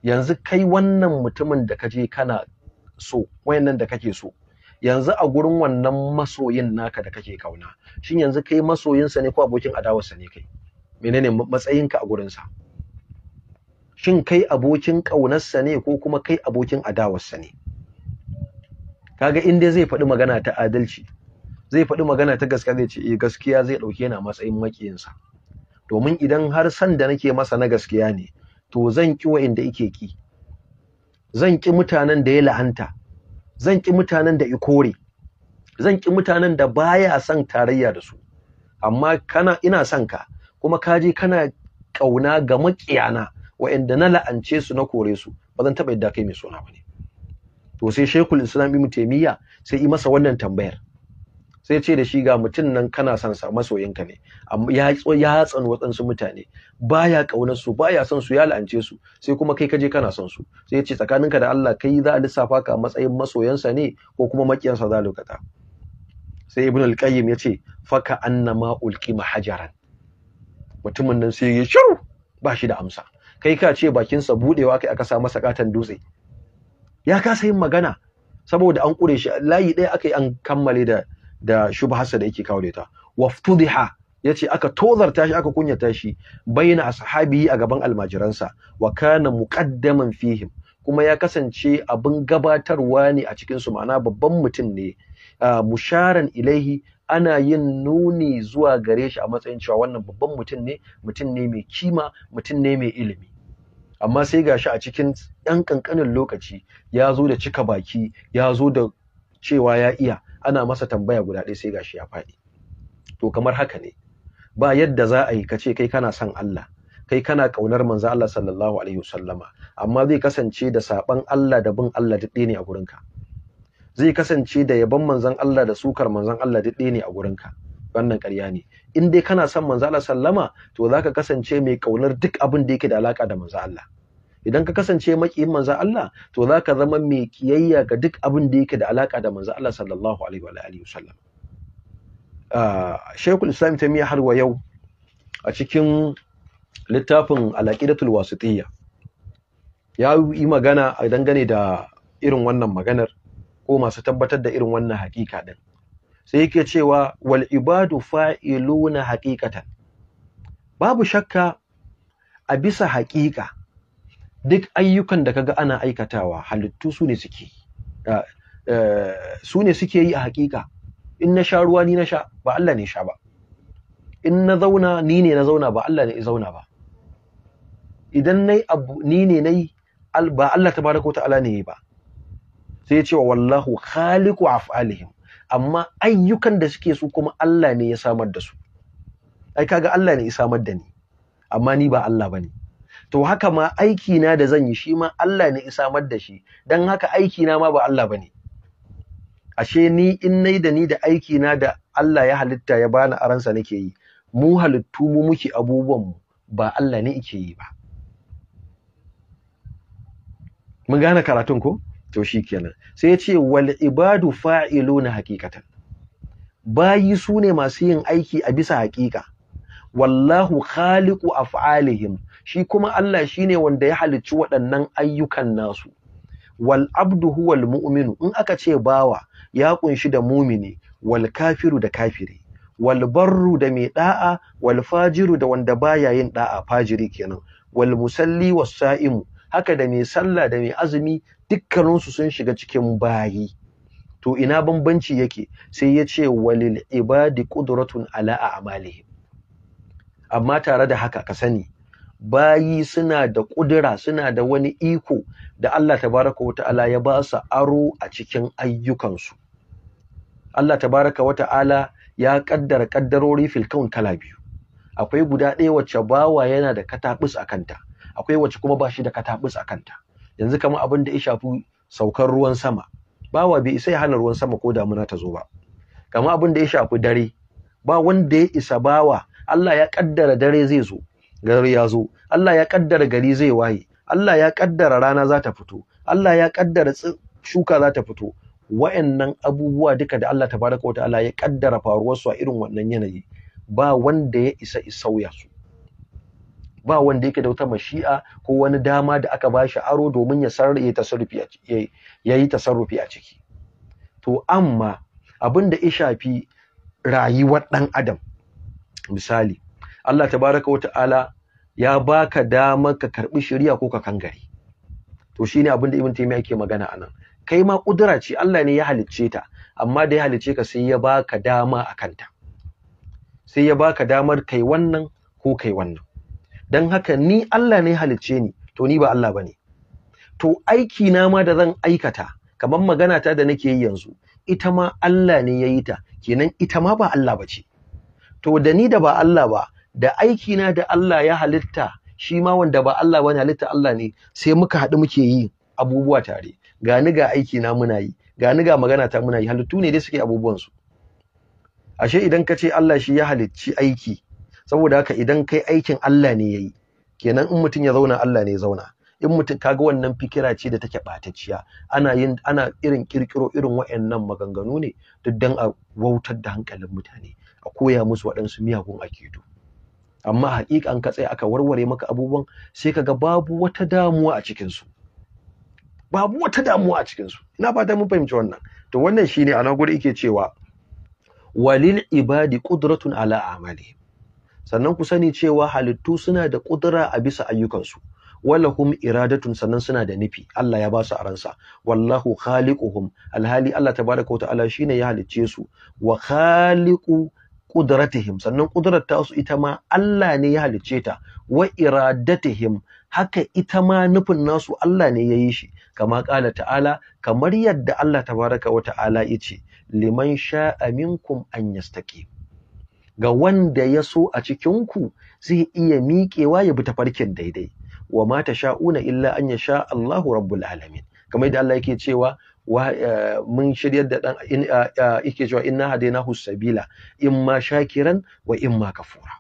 yanzu kai wannan mutumin da kaje kana so wayannan da kake so yanzu a gurin wannan masoyin naka da kake kauna shin yanzu kai masoyinsa ne ko abokin adawarsa ne kai menene matsayinka a gurinsa shin kai abokin ƙaunarsa ne ko kuma kai abokin adawarsa ne kaga in dai zai faɗi magana ta adalci zai faɗi magana ta gaskiya zai ce eh gaskiya zai ɗauke a matsayin makiyinsa domin idan har san da nake masa na gaskiya ne to zan ki wa'inda ike ki zan ki mutanen da ya la'anta zan ki mutanen da ikore zan ki mutanen da baya son tarayya da su amma kana ina son ka kuma ka je kana ƙauna ga makiyana wa'inda na la'ance su na kore su ba zan taɓa yadda kai mai suna ba ne to sai shekul islam ibn taimiyya sai yi masa wannan tambayar sai ce da shi ga mutum nan kana son sa masoyinka ne amma ya ya tsani waɗansu mutane baya kaunar su baya son su ya la'ance su sai kuma kai kaje kana son su sai ce tsakaninka da Allah kai za a lissafa ka matsayin masoyansa ne ko kuma makiyansa za lokata sai ibn al-qayyim ya ce faka annama ulqima hajaran mutumin nan sai ya shiru ba shi da amsa kai ka ce sa budewa kai aka sa masa katan dutse ya kasa yin magana saboda an kure shi layi ɗaya aka yi an kammale da da shubhasa da yake kawo da ita waftudiha yace aka tozarta shi aka kunyata shi baina ashabi a gaban almajiransa wa kana muqaddaman fihim kuma ya kasance abin gabatarwa ne a cikin su ma'ana babban mutum ne musharan ilaihi ana yin nuni zuwa gare shi a matsayin cewa wannan babban mutum ne mutum ne mai kima mutum ne mai ilimi amma sai gashi a cikin ɗan ƙanƙanin lokaci ya zo da cika baki ya zo da cewa ya iya ana masa tambaya guda ɗaya sai gashi ya faɗi to kamar haka ne ba yadda za a yi ka ce kai kana son Allah kai kana kaunar manzo Allah sallallahu alaihi wasallama amma zai kasance da saban Allah da bin Allah duk ne a gurinka zai kasance da yaban manzon Allah da sukar manzon Allah duk ne a gurinka wannan ƙarya ne in dai kana son manzo Allah sallama to zaka kasance mai kaunar duk abin da yake da alaka da manzo Allah idan ka kasance makiyin manzo Allah to za ka zama mai kiyayya ga duk abin da yake da alaka da manzo Allah sallallahu alaihi wa alihi wasallam ah, Shaykhul Islam Taymiyyah har wa yau a cikin littafin Al-Aqidatul Wasitiyya ya yi magana a dangane da irin wannan maganar ko masu tabbatar da irin wannan hakika din sai yake cewa wal ibadu fa'iluna haqiqatan babu shakka a bisa haƙiƙa duk ayyukan da kaga ana aikatawa halittu su ne suke e, su ne suke yi a hakika in na sha ruwa ni na sha ba Allah ne sha ba in na zauna ni ne na zauna ba Allah ne ya zauna ba idan nai abu ni ne nai ba Allah tabaraka ta'ala ne ba sai ya ce wallahu khaliqu af'alihim amma ayyukan da suke su kuma Allah ne ya samar da su ai kaga Allah ne ya samar da ni amma ni ba Allah bane to haka ma aiki na da zan yi shi ma Allah ne isamar da shi dan haka aiki na ma ba Allah bane ashe ni in nai da ni da aiki na da Allah ya halitta ya bani aransa nake yi mu halittu mu muke abubuwan mu ba Allah ne yake yi ba mun gane karatun ko to shikenan sai ya ce wal ibadu fa'iluna haqiqatan bayi sune masu yin aiki a bisa haƙiƙa wallahu khaliqu af'alihim shi kuma Allah shi ne wanda ya halicci waɗannan ayyukan nasu wal abdu huwal mu'minu in aka ce bawa ya kunshi da mumini wal kafiru da kafiri wal barru da mai da'a wal fajiru da wanda baya yin da'a fajiri kenan wal musalli was sa'imu haka da mai sallah da mai azumi dukkaninsu sun shiga cikin bayi to ina bambanci yake sai ya ce walil ibadi qudratun ala a'malihim amma tare da haka ka sani bayi suna da ƙudura suna da wani iko da Allah tabaraka wa ta'ala ya ba su aro a cikin ayyukansu Allah tabaraka wa ta'ala ya ƙaddara ƙaddarori fil kala biyu akwai guda ɗaya wacce bawa yana da katabus a kanta akwai wacce kuma ba shi da katabus a kanta yanzu kamar abin da ya shafi saukar ruwan sama bawa bai isa ya hana ruwan sama ko damuna ta zo ba kamar abin da ya shafi dare ba wanda ya isa bawa Allah ya ƙaddara dare zai zo gari ya zo Allah ya kaddara gari zai waye Allah ya kaddara rana za ta fito Allah ya kaddara shuka za ta fito wa'annan abubuwa duka da Allah tabaraka wata'ala ya kaddara faruwar su a irin wannan yanayi ba wanda ya isa sauya su ba wanda yake da wata mashi'a ko wani dama da aka ba shi aro domin ya sarrafa tasarrufi yi tasarrufi a ciki to amma abin da ya shafi rayuwar ɗan adam misali Allah tabaraka wata'ala ya baka damar ka karbi shari'a ko ka kangare to shine abin da ibn taymiya yake magana anan kai ma kudura ce Allah ne ya halicce ta amma da ya halicce ka sai ya baka dama akan ta sai ya baka damar kai wannan ko kai wannan dan haka ni Allah ne halicce ni to ni ba Allah bane to aiki na ma da zan aikata kamar magana ta da nake yi yanzu ita ma Allah ne yayi ta kenan ita ma ba Allah bace to da ni da ba Allah ba da aiki na da Allah ya halitta shi ma wanda ba Allah bane halitta Allah ne sai muka haɗu muke yi abubuwa tare ga ni ga aikina muna yi ga ga magana ta muna yi halittu ne dai suke abubuwan su ashe idan ka ce Allah shi ya halicci aiki saboda haka idan kai aikin Allah ne yayi kenan in mutum ya zauna Allah ne ya zauna in mutum kaga wannan fikira ce da take ɓatacciya ana yin ana irin kirkiro irin wa'annan maganganu ne duk dan a wautar da hankalin mutane a koya musu waɗansu miyagun akidu amma haƙiƙa an ka tsaya aka warware maka abubuwan sai ka ga babu wata damuwa a cikinsu babu wata damuwa a cikinsu ina fata mun fahimci wannan to wannan shine a nan ike cewa walil ibadi qudratun ala amali sannan ku sani cewa halittu suna da kudura a bisa ayyukansu walahum iradatun sannan suna da nufi Allah ya ba su aransa wallahu khaliquhum alhali Allah tabaraka wa ta'ala shine ya halicce su wa khaliqu qudratihim sannan qudrar ta ita ma Allah ne ya halicce ta wa haka ita ma nufin nasu Allah ne ya yi shi kama ƙala ta'ala kamar yadda Allah tabaraka wa ta'ala yace liman sha'a minkum an yastaki ga wanda ya so a cikinku ku zai iya miƙewa ya bi ta farkin daidai wa ma sha'una illa an yasha Allahu rabbul alamin kamar yadda Allah yake cewa Eh, mun shiryar da dan in eh, eh, yake cewa inna hadainahu sabila imma shakiran wa ma kafura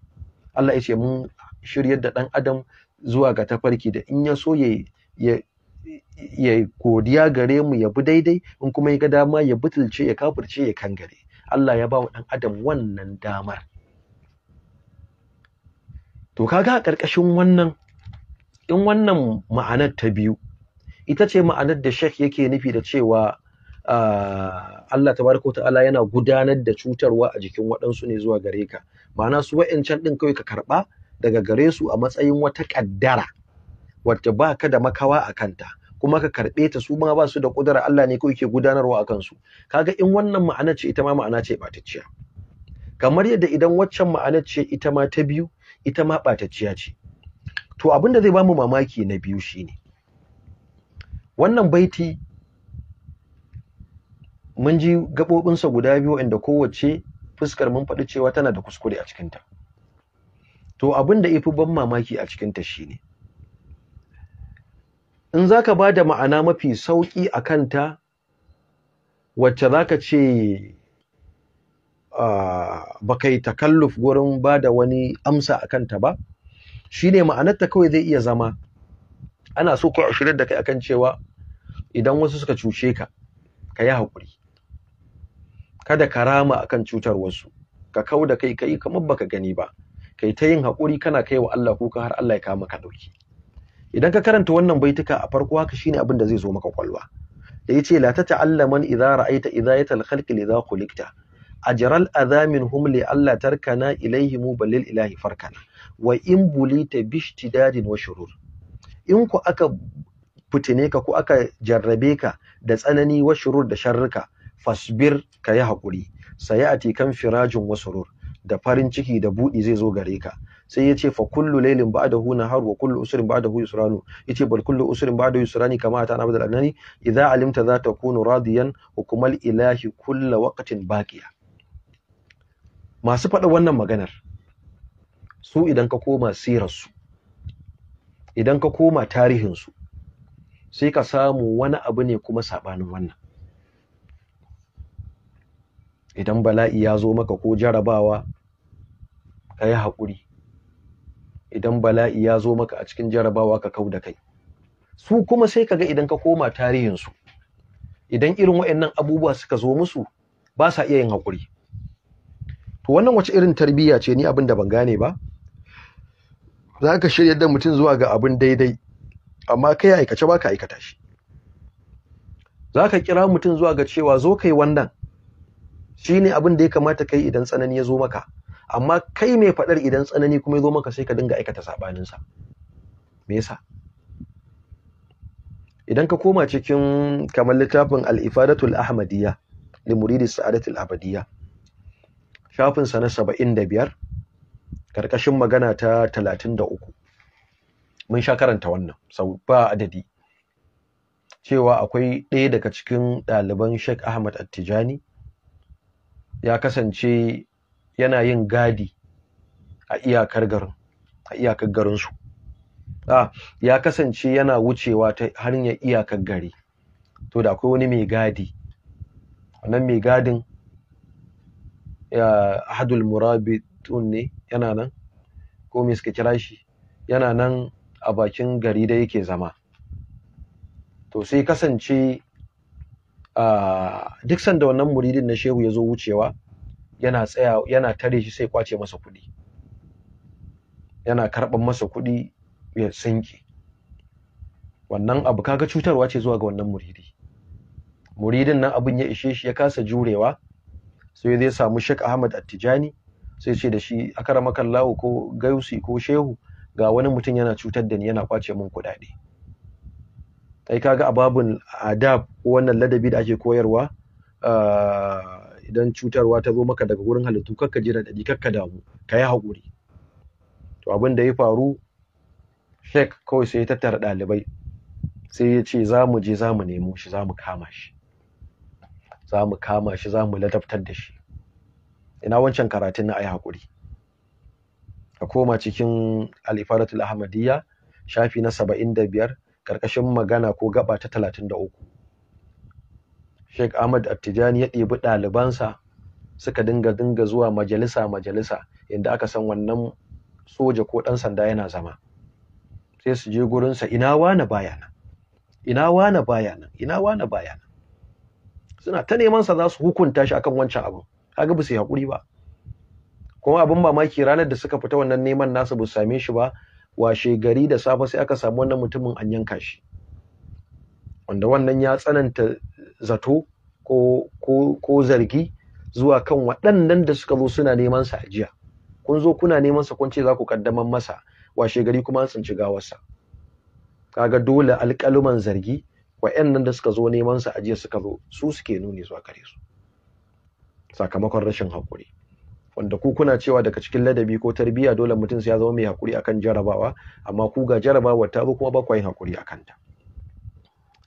Allah ce mun shiryar da dan adam zuwa ga tafarki da in ya so ya ya godiya gare mu ya bi daidai in kuma ya ga dama ya butulce ya kafurce ya kangare Allah ya ba wa dan adam wannan damar to kaga a ƙarƙashin wannan in wannan ma'anar ta biyu ita ce ma'anar da shek yake nufi da cewa ah, Allah tabaraka ta'ala yana gudanar da cutarwa a jikin waɗansu ne zuwa gare ka ma'ana su wa'incan ɗin kawai ka karɓa daga gare su a matsayin wata ƙaddara wadda ba ka da makawa a kanta kuma ka karɓe ta su ma ba su da ƙudura Allah ne kawai ke gudanarwa a kansu kaga in wannan ma'ana ce ita ma ma'ana ce ɓatacciya kamar yadda idan waccan ma'ana ce ita ma ta biyu ita ma ɓatacciya ce to abin da zai bamu mamaki na biyu shine wannan baiti mun ji gaɓoɓinsa guda biyu inda kowace fuskar mun faɗi cewa tana da kuskure a cikinta to abin da ifi ban mamaki a cikinta shine in za ka ba da ma'ana mafi sauƙi a kanta wacce za ka ce ah, ba kai takalluf gurin ba da wani amsa a kanta ba shi ne ma'anarta kawai zai iya zama ana so ka a shirar da kai akan cewa idan wasu suka cuce ka ka yi haƙuri kada ka rama akan cutar wasu ka kau da kai kai kamar baka gani ba kai ta yin haƙuri kana kai wa Allah kuka har Allah ya kawo maka ɗauki idan ka karanta wannan baituka a farko haka shine abin da zai zo maka kwalwa da yace la tata'allaman idza ra'aita yatal khalqi lidha khuliqta ajral azamin hum li alla tarkana ilayhi mu balil ilahi farkana wa in bulita bishtidadin wa shurur in ku aka fitine ka ko aka jarrabe ka da tsanani wa shurur da sharrika fasbir ka yi haƙuri sayati kan firajin wa surur da farin ciki da buɗi zai zo gare ka sai ya ce fa kullu lailin ba'dahu nahar wa kullu usrin ba'dahu yusranu yace bal kullu usrin ba'dahu yusrani kama ta nabdal annani idza alimta za ta kunu radiyan hukumal ilahi kullu waqtin baqiya masu faɗa wannan maganar su idan ka koma sirarsu idan ka koma tarihinsu sai ka samu wani abu ne kuma saɓanin wannan idan bala'i ya zo maka ko jarabawa ka yi haƙuri idan bala'i ya zo maka a cikin jarabawa ka kau da kai su kuma sai ka ga idan ka koma tarihinsu idan irin waɗannan abubuwa suka zo musu ba sa iya yin hakuri. to wannan wace irin tarbiyya ce ni abin da ban gane ba za ka shirya da mutum zuwa ga abin daidai amma kai aikace ba ka aikata shi za ka kira mutum zuwa ga cewa zo kai wannan shi ne abin da ya kamata kai idan tsanani ya zo maka amma kai mai faɗar idan tsanani kuma ya zo maka sai ka dinga aikata saɓaninsa me yasa idan ka koma cikin kamar littafin al-ifadatul ahmadiyya li muridi sa'adatul abadiyya shafin sa na 75 karkashin magana ta 33 mun sha karanta wannan sau ba adadi cewa akwai ɗaya daga cikin ɗaliban Sheikh Ahmad Attijani ya kasance yana yin gadi a iyakar garin a iyakar garin su ah ya kasance yana wucewa ta hanyar iyakar gari to da akwai wani mai gadi wannan mai gadin ya hadul murabit Tun ne yana nan ko me suka kira shi yana nan a bakin gari da yake zama to sai kasance duk sanda wannan muridin na shehu ya zo wucewa yana tsaya yana tare shi sai kwace masa kuɗi yana karɓan masa kuɗi ya tsinke. wannan abu kaga cutarwa ce zuwa ga wannan muridi muridin nan abin ya ishe shi ya kasa jurewa sai zai samu shek Ahmad Attijani sai ce da shi akaramaka Allahu ko gausi ko shehu ga wani mutum yana cutar da ni yana kwace min kuɗaɗe ai kaga ababun adab ko wannan ladabi da ake koyarwa ah, idan cutarwa ta zo maka daga wurin halittu kakka ji raɗaɗi kakka damu ka yi haƙuri to abin da ya faru shek kawai sai ya tattara ɗalibai sai ya ce za mu je za mu nemo shi za mu kama shi za mu kama shi za mu ladabtar da shi ina wancan karatun na ai hakuri ka koma cikin al-ifadatul ahmadiyya shafi na 75 karkashin magana ko gaba ta 33 Sheikh Ahmad Attijani ya ɗebi ɗalibansa suka dinga dinga zuwa majalisa majalisa inda aka san wannan soja ko ɗan sanda yana zama sai su je gurinsa ina wane baya ina wane baya ina wane baya suna ta neman sa za su hukunta shi akan wancan abin kaga ba su yi hakuri ba kuma abin mamaki ranar da suka fita wannan neman nasu ba same shi ba washe gari da safe sai aka samu wannan mutumin an yanka shi wanda wannan ya tsananta zato ko ko ko zargi zuwa kan waɗannan da suka zo suna neman sa ajiya kun zo kuna neman sa kun ce za ku kaddamar masa washe gari kuma an tsinci gawarsa kaga dole alƙaluman zargi wa'annan da suka zo neman sa ajiya suka zo su suke nuni zuwa gare su sakamakon rashin haƙuri wanda ku kuna cewa daga cikin ladabi ko tarbiyya dole mutum sai ya zama mai haƙuri akan jarabawa amma ku ga jarabawa ta bi kuma ba yin haƙuri akan ta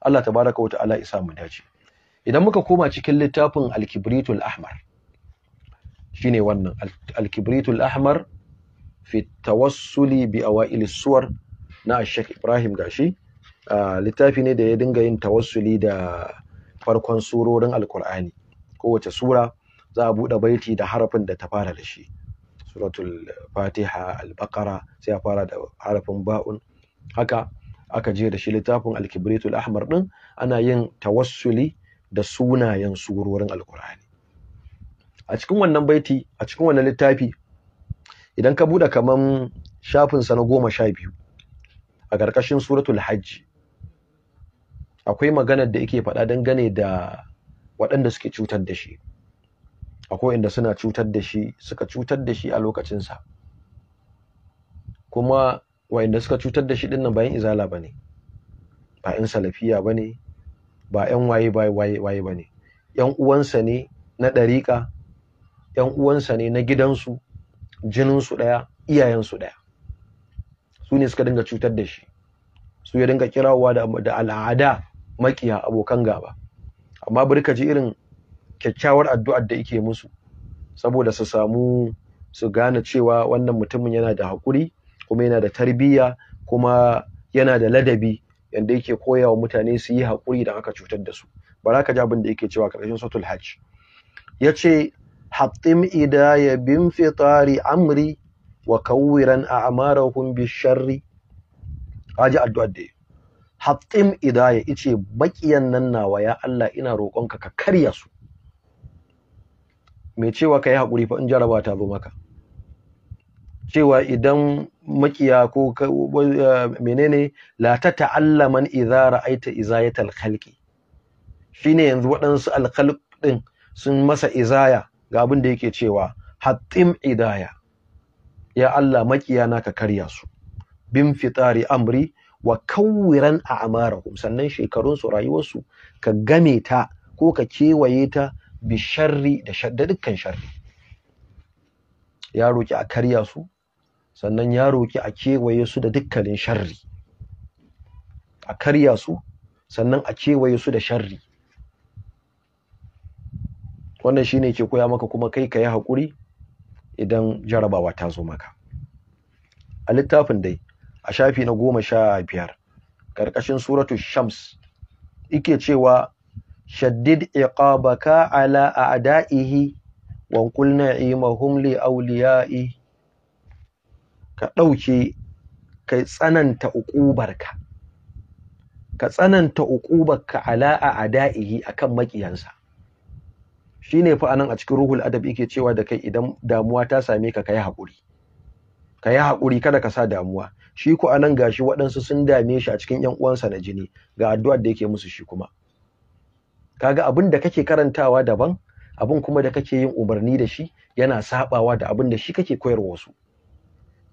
Allah tabaraka wa ta'ala isa mu dace idan muka koma cikin littafin al-kibritul ahmar shine wannan al-kibritul ahmar fi tawassuli bi awail suwar na Sheikh Ibrahim gashi littafi ne da ya dinga yin tawassuli da farkon surorin alkur'ani kowace sura za a buɗe baiti da harafin da ta fara da shi suratul fatiha al-baqara sai a fara da harafin ba'un haka aka je da shi littafin al-kibritul ahmar din ana yin tawassuli da sunayen surorin alkur'ani a cikin wannan baiti a cikin wannan littafi idan ka buɗe kaman shafin sa na goma sha biyu a ƙarƙashin suratul hajji akwai maganar da yake faɗa dangane da waɗanda suke cutar da shi akwai inda suna cutar da shi suka cutar da shi a lokacinsa kuma wa'inda suka cutar da shi dinnan bayan izala ba ne ba 'yan salafiya ba ne ba 'yan waye waye ba ne 'yan uwansa ne na ɗariƙa 'yan uwansa ne na gidansu jininsu ɗaya iyayensu ɗaya su ne suka dinga cutar da shi su ya dinga kirawa da al'ada makiya abokan gaba amma bari ka ji irin kyakkyawar addu'ar da yake musu saboda su samu su gane cewa wannan mutumin yana da haƙuri kuma yana da tarbiyya kuma yana da ladabi yanda yake koya wa mutane su yi haƙuri da aka cutar da su bara ka ji abin da yake cewa ƙarshen suratul hajj yace hattim idaya bin fitari amri wa kawwiran a'marahum bisharri ji addu'ar da hattim idaya ice baƙiyan nan nawa ya Allah ina roƙonka ka karya su mai cewa ka yi haƙuri fa in jaraba ta zo maka cewa idan makiya ko menene la ta ta'allaman idza ra'aita izayatal khalqi shine yanzu waɗansu alkhalq din sun masa izaya ga abin da yake cewa hatim idaya ya Allah makiya na ka karya su bin fitari amri wa kawwiran a'marahum sannan shekarun su rayuwar su ka game ta ko ka kewaye ta bisharri sharri da dukkan sharri ya roki a karya su sannan ya roki a kewaye su da dukkanin sharri a karya su sannan a kewaye su da sharri wannan shine ke koya maka kuma kai ka yi haƙuri idan jarabawa ta zo maka a littafin dai a shafi na goma sha biyar ƙarƙashin suratu shams ike cewa shaddid iqabaka ala a'da'ihi wa qul na'imahum li awliya'i ka dauke kai tsananta uqubarka ka tsananta uqubarka ala a'da'ihi akan makiyansa shine fa anan a cikin ruhul adab yake cewa da kai idan damuwa ta same ka kai hakuri kai hakuri kada ka sa damuwa shi ko anan gashi waɗansu sun dame shi a cikin ƴan uwansa na jini ga addu'ar da yake musu shi kuma kaga abin da kake karantawa daban abin kuma da kake yin umarni da shi yana sabawa da abin da shi kake koyarwa wasu.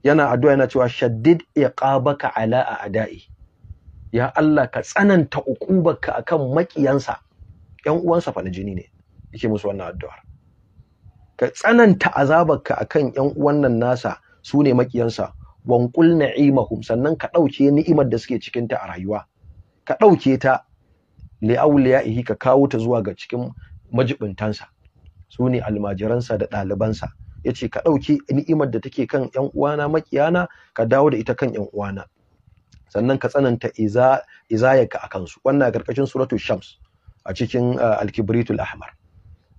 yana addu'a yana cewa shaddid iqabaka ala a'da'i ya Allah ka tsananta uqubarka akan makiyansa ƴan uwansa fa na jini ne yake musu wannan addu'ar ka tsananta azabarka akan ƴan uwan nan nasa su ne makiyansa wankul na'imahum sannan ka ɗauke ni'imar da suke cikin ta a rayuwa ka ɗauke ta li awliyaihi ka kawo ta zuwa ga cikin majibintansa su ne almajiransa da ɗalibansa yace ka ɗauki ni'imar da take kan 'yan uwana makiyana ka dawo da ita kan 'yan uwana sannan ka tsananta iza izayaka akan su wannan karkashin suratul shams a cikin alkibritul ahmar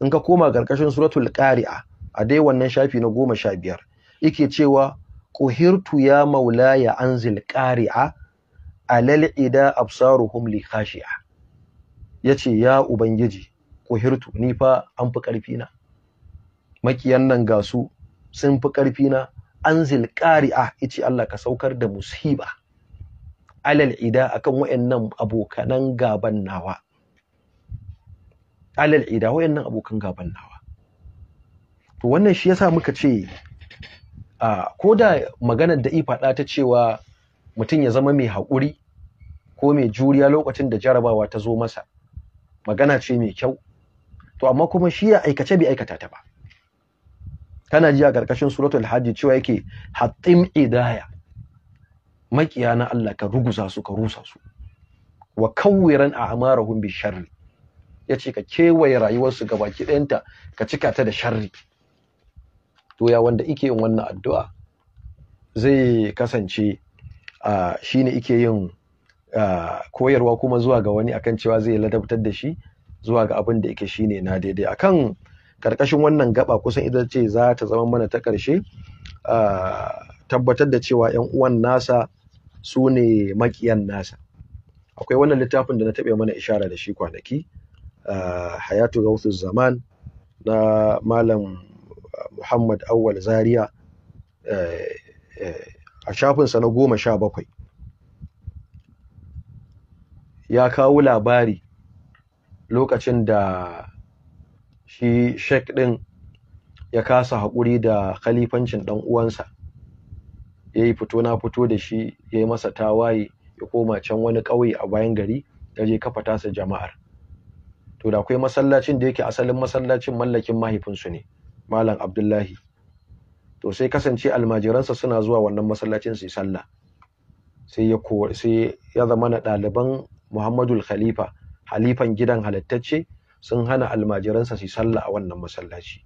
in ka koma karkashin suratul qari'a a dai wannan shafi na goma sha biyar yake cewa kuhirtu ya maula ya anzil qari'a alal ida absaruhum li khashi'a ya ce ya ubangiji ƙuhirtu ni fa an fi ƙarfi na makiyan nan ga su sun fi ƙarfi na anzil qari'a yace Allah ka saukar da musiba alal ida akan wayannan abokanan gaban nawa alal ida wayannan abokan gaban nawa to wannan shi yasa muka ce a da maganar da ifada ta cewa mutum ya zama mai haƙuri ko mai juriya lokacin da jarabawa ta zo masa magana ce mai kyau to amma kuma shi ya aikace bai aikata ta ba kana ji a ƙarƙashin suratul hajji cewa yake hatim idaya makiya na Allah ka ruguza su ka rusa su wa kawwiran a'marahum bi sharri yace ka kewaye rayuwarsu baki ɗayanta ka cika ta da sharri to ya wanda ike yin wannan addu'a zai kasance shine ike yin koyarwa kuma zuwa ga wani akan cewa zai ladabtar da shi zuwa ga abin da yake shine na daidai akan karkashin wannan gaba kusan ita ce za ta zama mana ta ƙarshe tabbatar da cewa yan uwan nasa su ne makiyan nasa akwai wannan littafin da na taɓa mana ishara da shi kwanaki hayatu gausu zaman na malam muhammad Auwal zaria eh, eh, a shafinsa na goma sha bakwai ya kawo labari lokacin da shi sheik ɗin ya kasa haƙuri da khalifancin ɗan uwansa ya yi fito na fito da shi ya yi masa tawaye ya koma can wani ƙauye a bayan gari ya je kafa tasa jama'ar to da akwai masallacin da yake asalin masallacin mallakin mahaifinsu ne malam abdullahi to sai kasance almajiransa suna zuwa wannan masallacin su sallah sai ya sai ya zama na ɗaliban Muhammadul Khalifa halifan gidan halittacce, sun hana almajiransa su sallah a wannan masallaci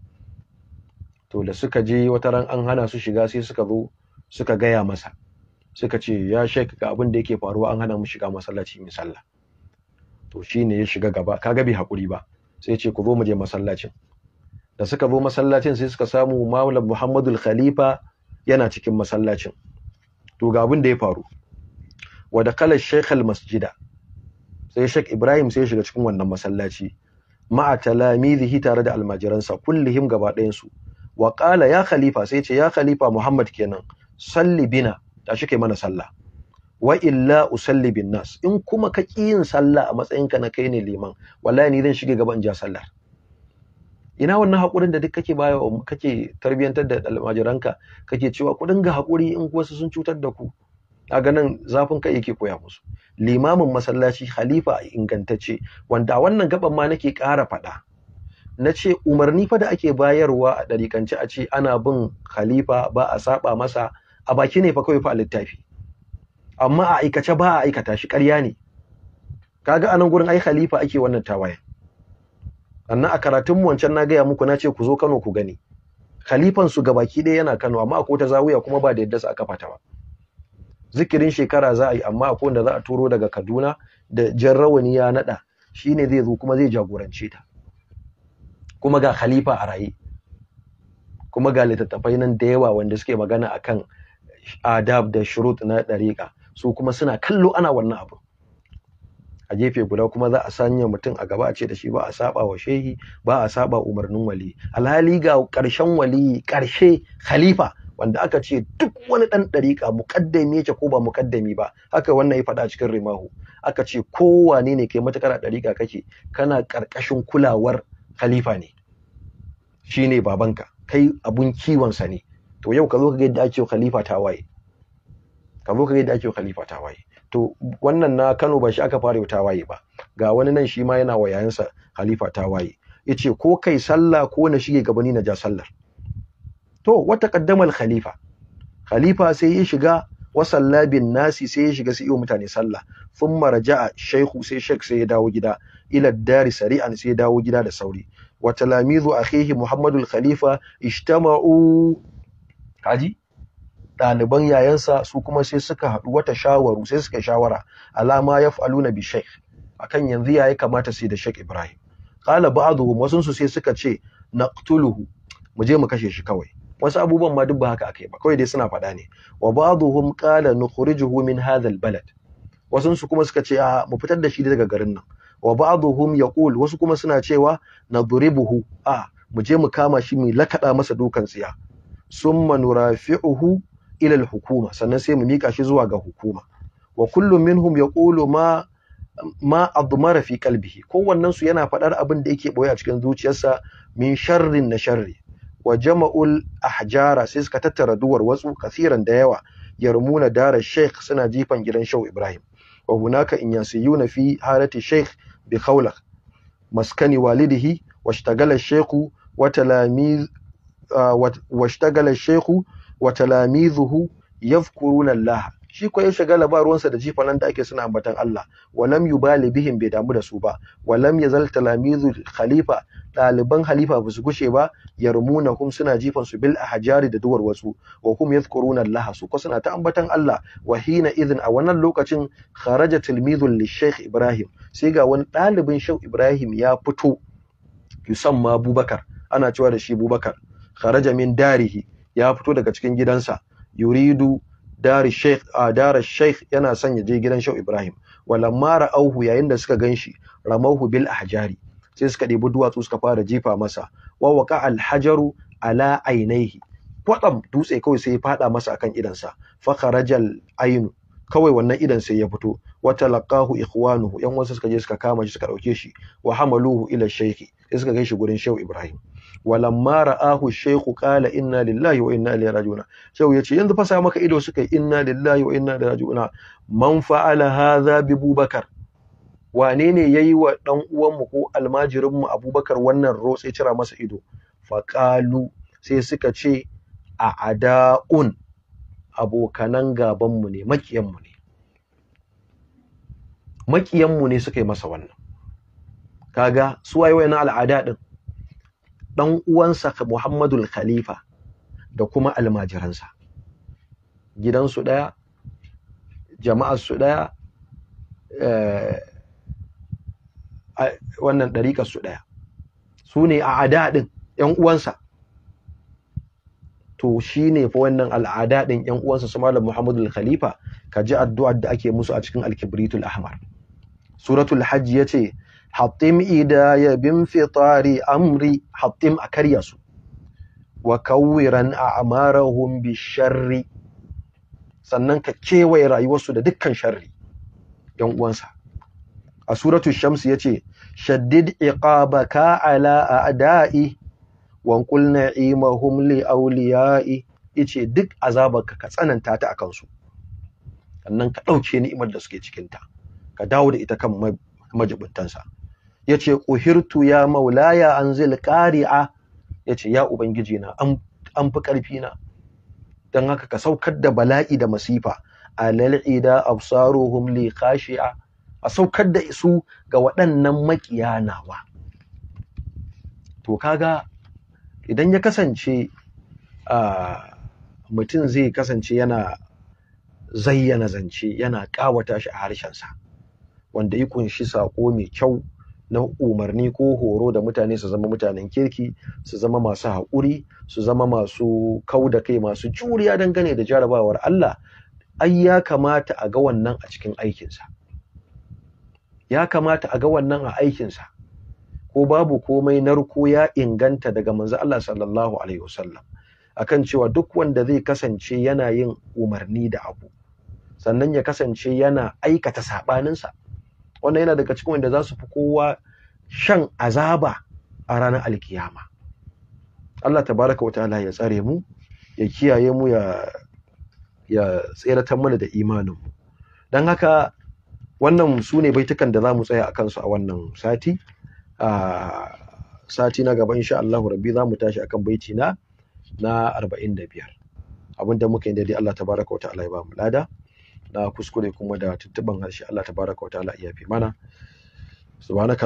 to da suka je wata ran an hana su shiga sai suka zo suka gaya masa suka ce ya shek ga abin da yake faruwa an hana mu shiga masallaci mu sallah to shine ya shiga gaba kaga bai hakuri ba sai ce ku zo mu je masallacin da suka zo masallacin sai suka samu Malam Muhammadul Khalifa yana cikin masallacin to ga abin da ya faru wa da kala shaykh al masjida sai Sheikh Ibrahim sai ya shiga cikin wannan masallaci ma'a talamizihi tare da almajiransa kullihim gaba ɗayan su wa qala ya khalifa sai ce ya khalifa Muhammad kenan salli bina tashi kai mana sallah wa illa usalli bin nas in kuma ka yin sallah a matsayinka na kai ne liman wallahi ni zan shige gaba in ja sallar ina wannan hakurin da duk kake bayo kake tarbiyantar da almajiranka kake cewa ku dinga hakuri in wasu sun cutar da ku kaga nan zafin kai yake koya musu limamin masallaci khalifa ingantacce wanda wannan gaban ma nake ƙara faɗa na ce umarni fa da ake bayarwa a ɗarikance a ce ana bin khalifa ba a saba masa a baki ne fa kawai fa littafi amma a aikace ba a aikata shi ƙarya ne kaga anan gurin ai khalifa ake wannan tawaye annan a karatun mu wancan na gaya muku na ce ku zo Kano ku gani khalifan su gabaki ɗaya yana Kano amma akwai ta zawiya kuma ba da yadda aka fata ba zikirin shekara za a yi amma akwai wanda za a turo daga Kaduna da jan rawani ya nada shine zai zo kuma zai jagorance ta kuma ga khalifa a raye kuma ga littattafai nan da yawa wanda suke magana akan adab da shurut na dariqa su kuma suna kallo ana wannan abu a gefe guda kuma za a sanya mutum a gaba a ce da shi ba a saba wa shehi ba a saba umarnin wali alhali ga ƙarshen wali karshe khalifa wanda aka ce duk wani ɗan ɗariƙa muƙaddami yake ko ba muƙaddami ba haka wannan ya faɗa cikin rimahu aka ce kowane ne kai matakar a ɗariƙa kake kana ƙarƙashin kulawar khalifa ne shine babanka kai abun kiwonsa ne to yau ka zo ka ga yadda ake khalifa ta waye ka zo ka ga yadda ake khalifa ta waye to wannan na Kano ba shi aka fara ta waye ba ga wani nan shi ma yana wa yayansa khalifa ta waye yace ko kai sallah ko na shige gabani na ja sallar to wata ƙaddamar khalifa khalifa sai ya shiga wasalla bin nasi sai ya shiga sai yi mutane sallah sun maraja'a shaihu sai shek sai ya dawo gida ila dari sari'an sai ya dawo gida da sauri wa talamizu akhihi muhammadul khalifa ishtama'u kaji ɗaliban yayansa su kuma sai suka haɗu wata shawaru sai suka shawara alama ya fi Aluna bi a akan yanzu yi kamata sai da shek ibrahim kala ba'dhum wasunsu sai suka ce naqtuluhu mu je mu kashe shi kawai wasu abubuwan ma duk ba haka akai ba kawai dai suna faɗa ne wa ba'dhum qala nukhrijuhu min hadhal balad wasun kuma suka ce a mu fitar da shi daga garin nan wa ba'dhum yaqul wasu kuma suna cewa nadribuhu a mu je mu kama shi mu lakada masa dukan tsiya summa nurafi'uhu ila hukuma sannan sai mu mika shi zuwa ga hukuma wa kullu minhum yaqulu ma ma admara fi kalbihi kowannen yana faɗar abin da yake boye a cikin zuciyarsa min sharrin na sharri wa jama'ul ahjara sai suka tattara duwar watsu kasiran da yawa yarmuna dara sheikh suna jifan gidan shau ibrahim wa hunaka in yasiyuna fi harati sheikh bi khawlak maskani walidihi washtagala sheikhu wa talamiz ah, washtagala sheikhu wa talamizuhu yadhkuruna allah shi ko ya shagala ba da jifa nan da ake suna ambatan Allah walam yubali bihim bai damu da su ba walam yazal talamizu khalifa ɗaliban Khalifa, ba su gushe ba yarmuna kum suna jifan su bil ahjari da duwar wasu wa kum yadhkuruna Allah su ko suna ta ambatan Allah wa hina idhin a wannan lokacin kharaja tilmizun li Sheikh Ibrahim sai ga wani ɗalibin shau Ibrahim ya fito yusamma Abubakar ana cewa da shi Abubakar kharaja min darihi ya fito daga cikin gidansa yuridu dari sheikh a dara sheikh yana son ya je gidan shau ibrahim walamma auhu yayin da suka ganshi ramahu bil ahjari sai suka ɗebi duwatsu suka fara jifa masa wa waqa al hajaru ala ainihi kwatsam dutse kawai sai ya fada masa akan idansa fa kharajal ayn kawai wannan idan sai ya fito wa talaqahu ikhwanuhu yan wasu suka je suka kama shi suka dauke shi wa hamaluhu ila sheikh sai suka kai shi gurin shehu ibrahim walamma ra'ahu shaykhu qala inna lillahi wa inna ilaihi raji'un shehu yace yanzu fasa maka ido suka inna lillahi wa inna ilaihi raji'un man fa'ala hadha bi bubakar wane ne yayi wa dan uwan mu ko almajirin mu abubakar wannan rotse cira masa ido faqalu sai suka ce a ada'un abokanan gaban mu ne makiyan mu ne makiyan mu ne suka yi masa wannan kaga su waye wayannan al'ada din ɗan uwansa Muhammadul Khalifa da kuma almajiransa gidansu ɗaya daya ɗaya eh, wannan su ɗaya su ne a adadin ‘yan uwansa to shi fa wannan al'ada ɗin ‘yan uwansa su malam Muhammadul Khalifa ka ji addu'ar da ake musu a cikin al-kibritul ahmar suratul hajj ya ce hattim idaya bin fitari amri hattim a karya su wa kawiran a amarahum bi sharri sannan ka kewaye rayuwarsu da dukkan sharri yan uwansa a suratul shams yace shaddid ka ala a'da'i wa qulna imahum li awliya'i yace duk azabarka ka tsananta ta akan su sannan ka dauke ni'imar da suke cikin ta ka dawo da ita kan majibuntansa ya ce ƙuhirtu ya maulaya an zil ƙari'a ya ce ya ubangiji na an fi ƙarfi na don haka ka saukar da bala'i da masifa alal ida absaruhum li khashi'a a saukar da su ga waɗannan maƙiya nawa to kaga idan ya kasance mutum zai kasance yana zayyana zance yana ƙawata shi a harshensa wanda ya ƙunshi saƙo mai kyau na umarni ko horo da mutane su zama mutanen kirki su zama masu haƙuri su zama masu kau da kai masu juriya dangane da jarabawar Allah ai ya kamata a ga wannan a cikin aikinsa ya kamata a ga wannan a aikinsa ko babu komai narko ya inganta daga manzo Allah sallallahu alaihi wasallam akan cewa duk wanda zai kasance yana yin umarni da abu sannan ya kasance yana aikata saɓaninsa. wannan yana daga cikin wanda za su fi kowa shan azaba a ranar alkiyama Allah tabaraka wa ta'ala ya tsare mu ya kiyaye mu ya ya tseratar mana da imanin mu Don haka wannan su ne baitukan da za mu tsaya a kansu a wannan sati a sati na gaba insha Allah rabbi za mu tashi akan baiti na na 45 abinda muka yi daidai Allah tabaraka wa ta'ala ya ba mu lada na kuskure kuma da tuntuban harshe Allah tabaraka wa ta'ala ya fi mana subhanaka